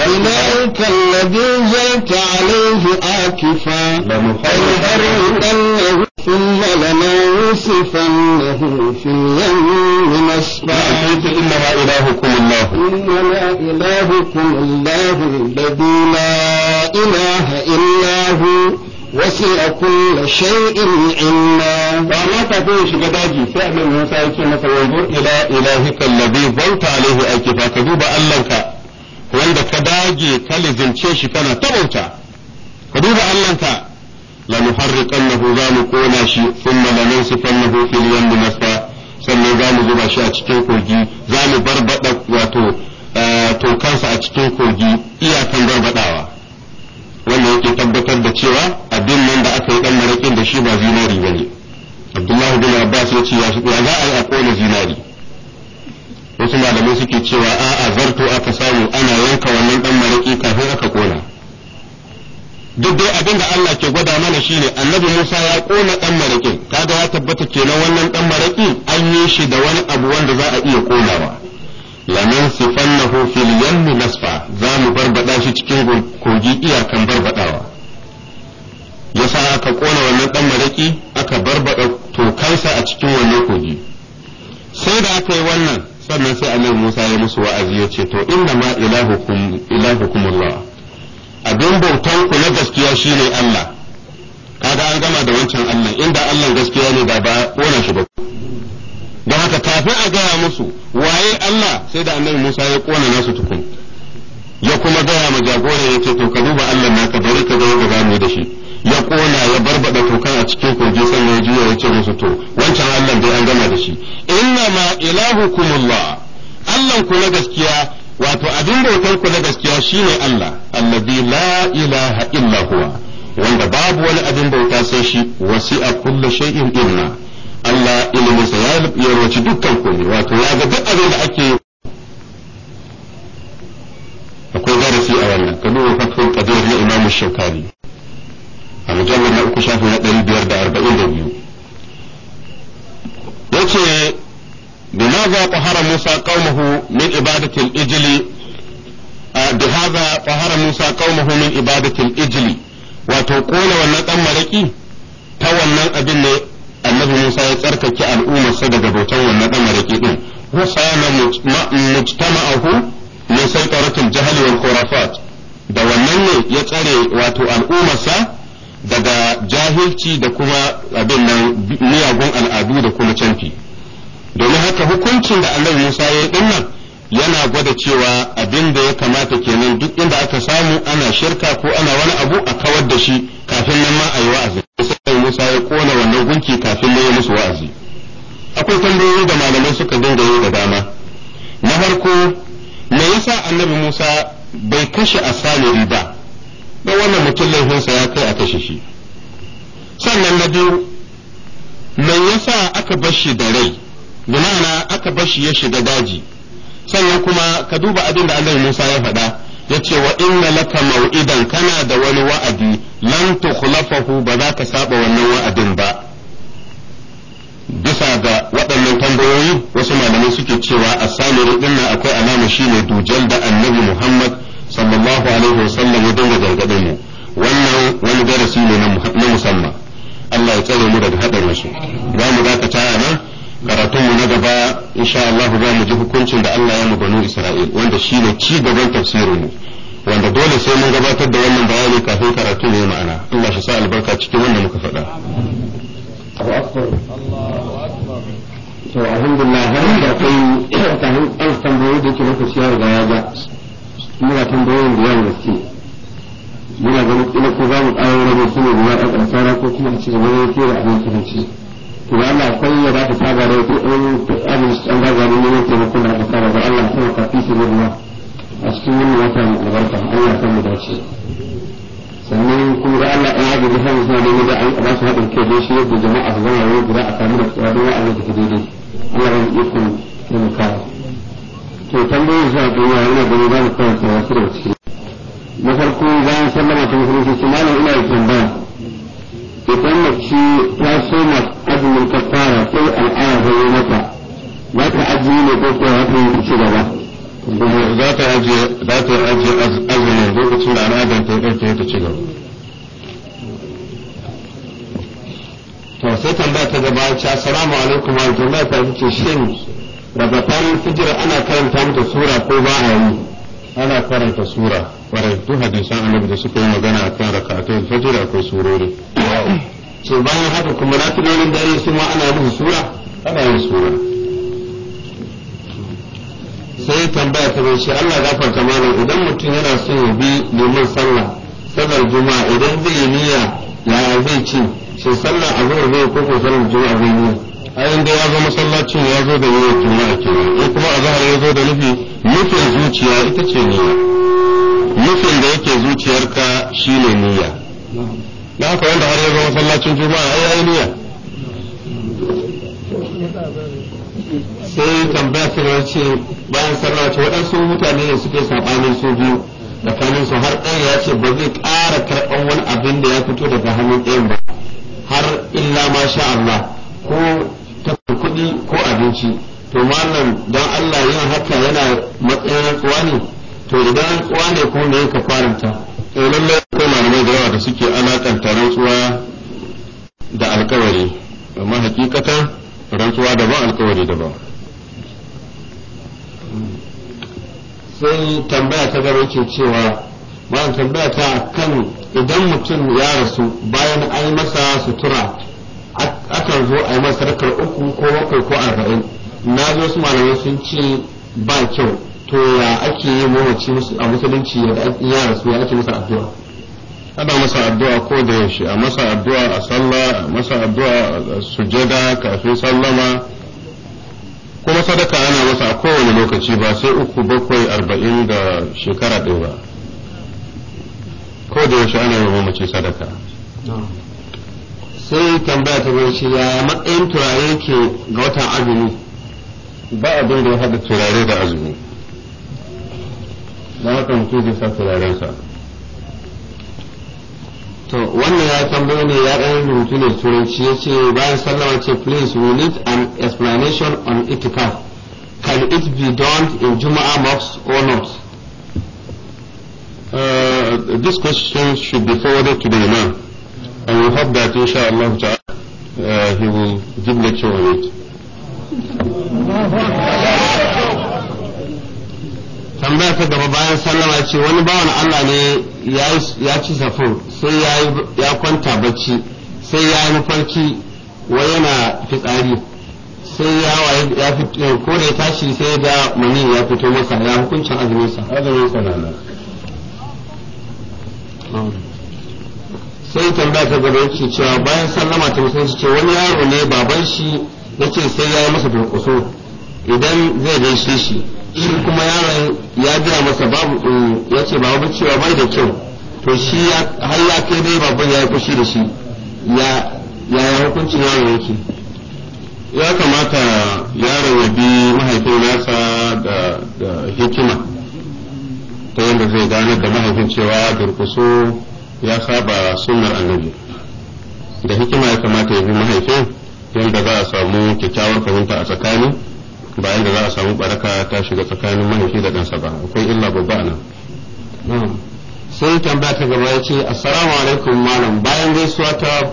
[SPEAKER 2] إلهك الذي جئت عليه آكفا لنحرقنه ثم لننصفنه في اليم نصفا إنما إلهكم الله إنما إلهكم الله الذي لا إله إلا هو وسع كل شيء علما فما تكون شيء داجي سأل موسى يكي
[SPEAKER 1] مثلا وانظر إلى إلهك الذي ظلت عليه أكفا كذوب ألنك wanda ka dage ka lizince shi kana ta ka duba Allahnka la nuharriqannahu za mu kona shi thumma la nansifannahu fil yammi nasfa sannan za mu zuba shi a cikin kogi za mu barbada wato tokansa a cikin kogi iyakan barbadawa wanda yake tabbatar da cewa abin nan da aka yi dan marakin da shi ba zinari ba ne abdullahi bin abbas ya ce ya za a yi a kona zinari wasu malamai suke cewa a'a zarto aka samu ana yanka wannan dan maraki kafin aka kona duk dai abin da Allah ke gwada mana shine annabi Musa ya kona dan marakin kaga ya tabbata kenan wannan dan maraki an yi shi da wani abu wanda za a iya konawa lamin sifannahu fil yammi nasfa za mu barbada shi cikin kogi iyakan barbadawa sa aka kona wannan dan maraki aka barbada tokansa a cikin wannan kogi sai da aka yi wannan sannan sai annabi Musa ya musu wa'azi ya ce to inna ma ilahukum ilahukumullah abin bautan ku na gaskiya ne Allah kaga an gama da wancan Allah inda Allah gaskiya ne ba ba kona shi ba da haka kafin a gaya musu waye Allah sai da annabi Musa ya kona nasu tukun ya kuma gaya ma jagora ya ce to ka duba Allah naka bari ka ga za mu da shi ya kona ya barbada tokan a cikin kogi sannan ya juya ya ce musu to wancan Allah dai an gama da shi inna ma ilahukumullah Allah ku na gaskiya wato abin bautar ku na gaskiya shine Allah alladhi la ilaha illa huwa wanda babu wani abin bauta sai shi wasi'a kullu shay'in ilma Allah iliminsa ya yarwaci dukkan koyi wato ya ga duk abin da ake akwai darasi a wannan ka duba fatul qadir na imamu shaukani a mujallar na uku shafi na ɗari biyar da arba'in da biyu yace بماذا طهر موسى قومه من عبادة الإجل بهذا طهر موسى قومه من عبادة الإجل وتقول ونطم لكي تولى أبن annabi Musa ya tsarkake al'ummarsa daga bautar wannan dan maraki din wasana mujtama'ahu min saytaratil jahl wal khurafat da wannan ne ya tsare wato al'ummarsa daga jahilci da kuma abin nan miyagun al'adu da kuma canfi domin haka hukuncin da annabi Musa ya yi dinnan yana gwada cewa abin da ya kamata kenan duk inda aka samu ana shirka ko ana wani abu a kawar da shi kafin nan ma a yi wa'azi sai Musa ya kona wannan gunki kafin nan ya musu wa'azi akwai tambayoyi da malamai suka dinga yi da dama na farko me yasa annabi Musa bai kashe asaliri ba don wannan mutum laifinsa ya kai a kashe shi sannan na biyu me yasa aka bar shi da rai bimana aka bar shi ya shiga daji sannan kuma ka duba abin da annabi Musa ya faɗa ce wa inna laka mau'idan kana da wani wa'adi lam tukhlafahu ba za ka saba wannan wa'adin ba bisa ga waɗannan tambayoyi wasu malamai suke cewa a samirin din nan akwai alama shine dujal da annabi Muhammad sallallahu alaihi wasallam ya dinga gargaɗin mu wannan wani darasi ne na musamman Allah ya tsare mu daga haɗarin su za mu dakata nan karatun mu na gaba insha Allah za mu ji hukuncin da Allah ya mu banu Isra'il wanda shi ne ci gaban tafsirin mu wanda dole sai mun gabatar da wannan bayani kafin karatu ne ma'ana Allah shi sa albarka cikin wanda muka faɗa Allahu to alhamdulillah har da kai kafin an tambaye da yake lokaci ciyar da ya ga muna tambayoyin da yawa gaske muna ganin ila ko za mu ƙara rage su ne da ya ƙarƙara ko kuma a ci gaba da yake da abin kiranci ya Allah ya da ta saba da wata abin an gaza ne ne taimakon da aka saba da Allah sai ka fi su ruwa a cikin wannan wata mai albarka Allah kan mu dace sannan kuma ga Allah ya ga bisa musa ne da an ba su haɗin kai shi yadda jama'a su zama wani guda a kamu da tsawa don wa'azin da ta daidai Allah ya ikon taimakawa to tambayoyin suna duniya yana da wani mu kawai tsawa su da ciki na farko zan sallama ta musulunci su malam ina yi tambaya idan mace ta soma azumin kafara sai al'ada ta yi mata za ta ajiye ne ko ko za ta yi ci gaba za ta ajiye za ta ajiye azumin lokacin da al'adar ta ɗauke ta yi ta ci gaba to sai tambaya ta gaba ce assalamu alaikum wa tambaya ta ce shin daga farin fijir ana karanta mata sura ko ba a yi ana karanta sura farantu hadisan annabi da suka yi magana akan rakatun fajr akwai surori so bayan haka kuma na tunanin dare su ma ana yin sura ana yin sura sai tambaya ta shi Allah farka mana idan mutum yana son ya bi neman sallah sallar juma'a idan zai yi niyya ya zai ci shin sallar azhar zai ko ko sallar juma'a zai yi ayin da ya zo masallacin ya zo da niyyar juma'a kenan in kuma azhar ya zo da nufi nufin zuciya ita ce niyya nufin da yake zuciyarka shi ne niyya da aka wanda har ya zama masallacin juma'a ai ai niyya sai tambaya ta ce bayan sarrafa ce waɗansu mutane ne suke saɓanin su biyu kanin su har ɗaya ya ce ba zai ƙara karɓan wani abin da ya fito daga hannun ɗayan ba har illa ma sha Allah ko ta kuɗi ko abinci to malam don Allah yin haka yana matsayin tsawani. ne to idan rantsuwa ne ko me ka faranta to lalle akwai malamai da yawa da suke alakanta rantsuwa da alkawari amma hakikatan rantsuwa ba alkawari daban sai tambaya ta gaba ke cewa bayan tambaya ta kan idan mutum ya rasu bayan an masa sutura akan zo a yi masa rakar uku ko bakwai ko arba'in na zo su malamai sun ce ba kyau to ya ake yi mamaci a musulunci ya rasu ya ake masa addu'a ana masa addu'a ko da yaushe a masa addu'a a sallah a masa addu'a a sujada kafin sallama kuma sadaka ana masa a kowane lokaci ba sai uku bakwai arba'in da shekara ɗaya ba ko da yaushe ana yi mamaci sadaka sai tambaya ta bai shi ya matsayin turare ke ga watan azumi ba abin da ya haɗa turare da azumi don haka mutum zai sa turaren sa to wannan ya tambayo ne ya ɗan rubutu ne turanci ya ce bayan sallama ce please we need an explanation on itikaf can it be done in Jumu'ah mosques or not uh, this question should be forwarded to the imam and we hope that inshallah uh, he will give lecture on it tambaya ta gaba bayan sallama ce wani bawan Allah ne ya ci safo sai ya kwanta bacci sai ya yi mafarki wa yana fitsari sai ya ya fito eh, ko da ya tashi sai da mani ya fito masa ya hukuncin azumin sa azumin sa nan sai tambaya ta gaba yake cewa bayan sallama ta musulunci ce wani yaro ne baban shi yake sai ya yi masa durƙuso idan zai gaishe shi shi kuma yaron ya jira masa babu mm, ya ce babu cewa bai da kyau to shi har ya kai dai baban ya yi kushi da shi ya ya hukuncin yaron yake ya kamata yaron ya bi mahaifin nasa da hikima ta yadda zai gane da mahaifin cewa durkusu ya saba sunnar annabi da hikima ya kamata ya bi mahaifin yadda za a samu kyakkyawar fahimta a tsakani bayan da za a samu baraka ta shiga tsakanin mahaifi da ɗansa ba akwai illa babba nan sai tambaya ta gaba ya ce assalamu alaikum malam bayan gaisuwa ta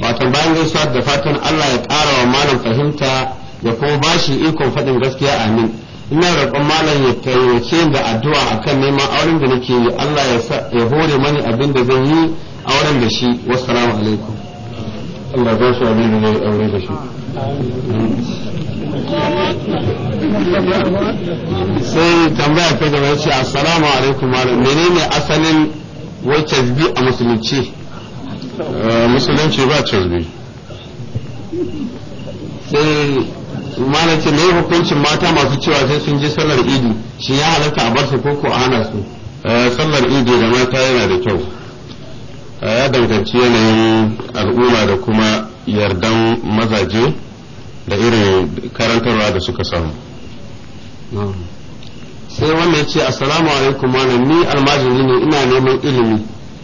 [SPEAKER 1] wata bayan gaisuwa da fatan Allah ya ƙara wa malam fahimta ya kuma ba shi ikon faɗin gaskiya amin ina roƙon malam ya taimake da addu'a akan neman auren da nake yi Allah ya hore mani abin da zan yi auren da shi wassalamu alaikum Allah ba shi abin da zai aure da shi sai tambaya ta gaba ce assalamu alaikum malam menene asalin wai casbi a musulunci eh, musulunci ba cazbi sai mana ce me hukuncin mata masu cewa sai sun je sallar idi shi ya halatta a bar su ko a hana su eh, sallar idi da mata yana da kyau eh, ya danganci yanayin al'umma da kuma yardan mazaje da irin karantarwa da suka samu sai wannan ya ce assalamu alaikum malam ni almajiri ne ina neman ilimi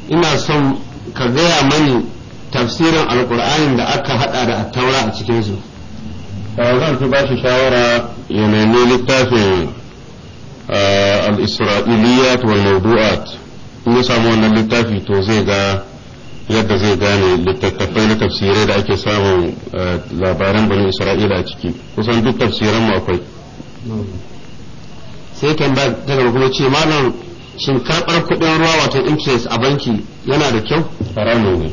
[SPEAKER 1] ina son ka gaya mani tafsirin al'kur'ani da aka hada da attaura a cikin su zan fi ba shi shawara ya nemi littafin al-isra'iliyat wal mawdu'at in ya samu wannan littafi to zai ga yadda zai gane littattafai na tafsirai da ake samun eh, labaran bani isra'ila a ciki kusan duk tafsiran mu akwai sai kan ba ta gaba kuma ce malam shin karɓar kuɗin ruwa wato interest a banki yana da kyau haramun ne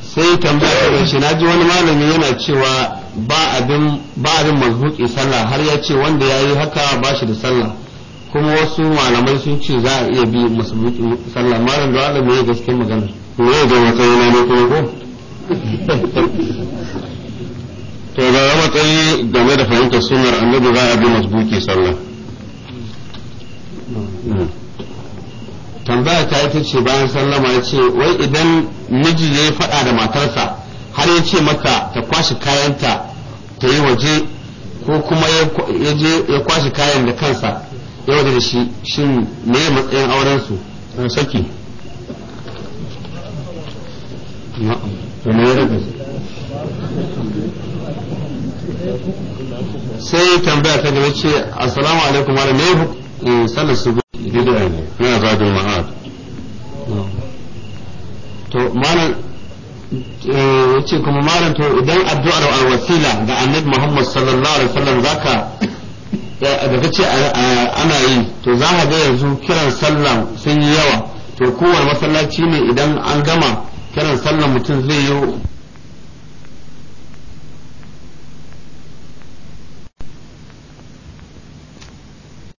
[SPEAKER 1] sai tambaya da shi na ji wani malami yana cewa ba abin ba sallah har ya ce wanda ya yi haka ba shi da sallah kuma wasu malamai sun ce za a iya bi musulmi sallah malam da wadda mai gaskiyar magana ne ga matsayi ne kuma ko to ga matsayi game da fahimtar an annabi za a bi masbuki sallah tambaya ta ta ce bayan sallama ya ce wai idan miji ya faɗa da matarsa har ya ce mata ta kwashe kayanta ta yi waje ko kuma ya kwashe kayan da kansa yau da shi shin me matsayin auren su an saki
[SPEAKER 2] sai tambaya ta gaba ce assalamu
[SPEAKER 1] alaikum wa me eh, sallar su bid'a ne yana zagin ma'ad to malam eh, yace kuma malam to idan addu'ar wasila ga annabi Muhammad sallallahu alaihi wasallam zaka da ka ce ana yi to za ga yanzu kiran sallah sun yi yawa to kowane masallaci ne idan an gama kiran sallah mutum zai yi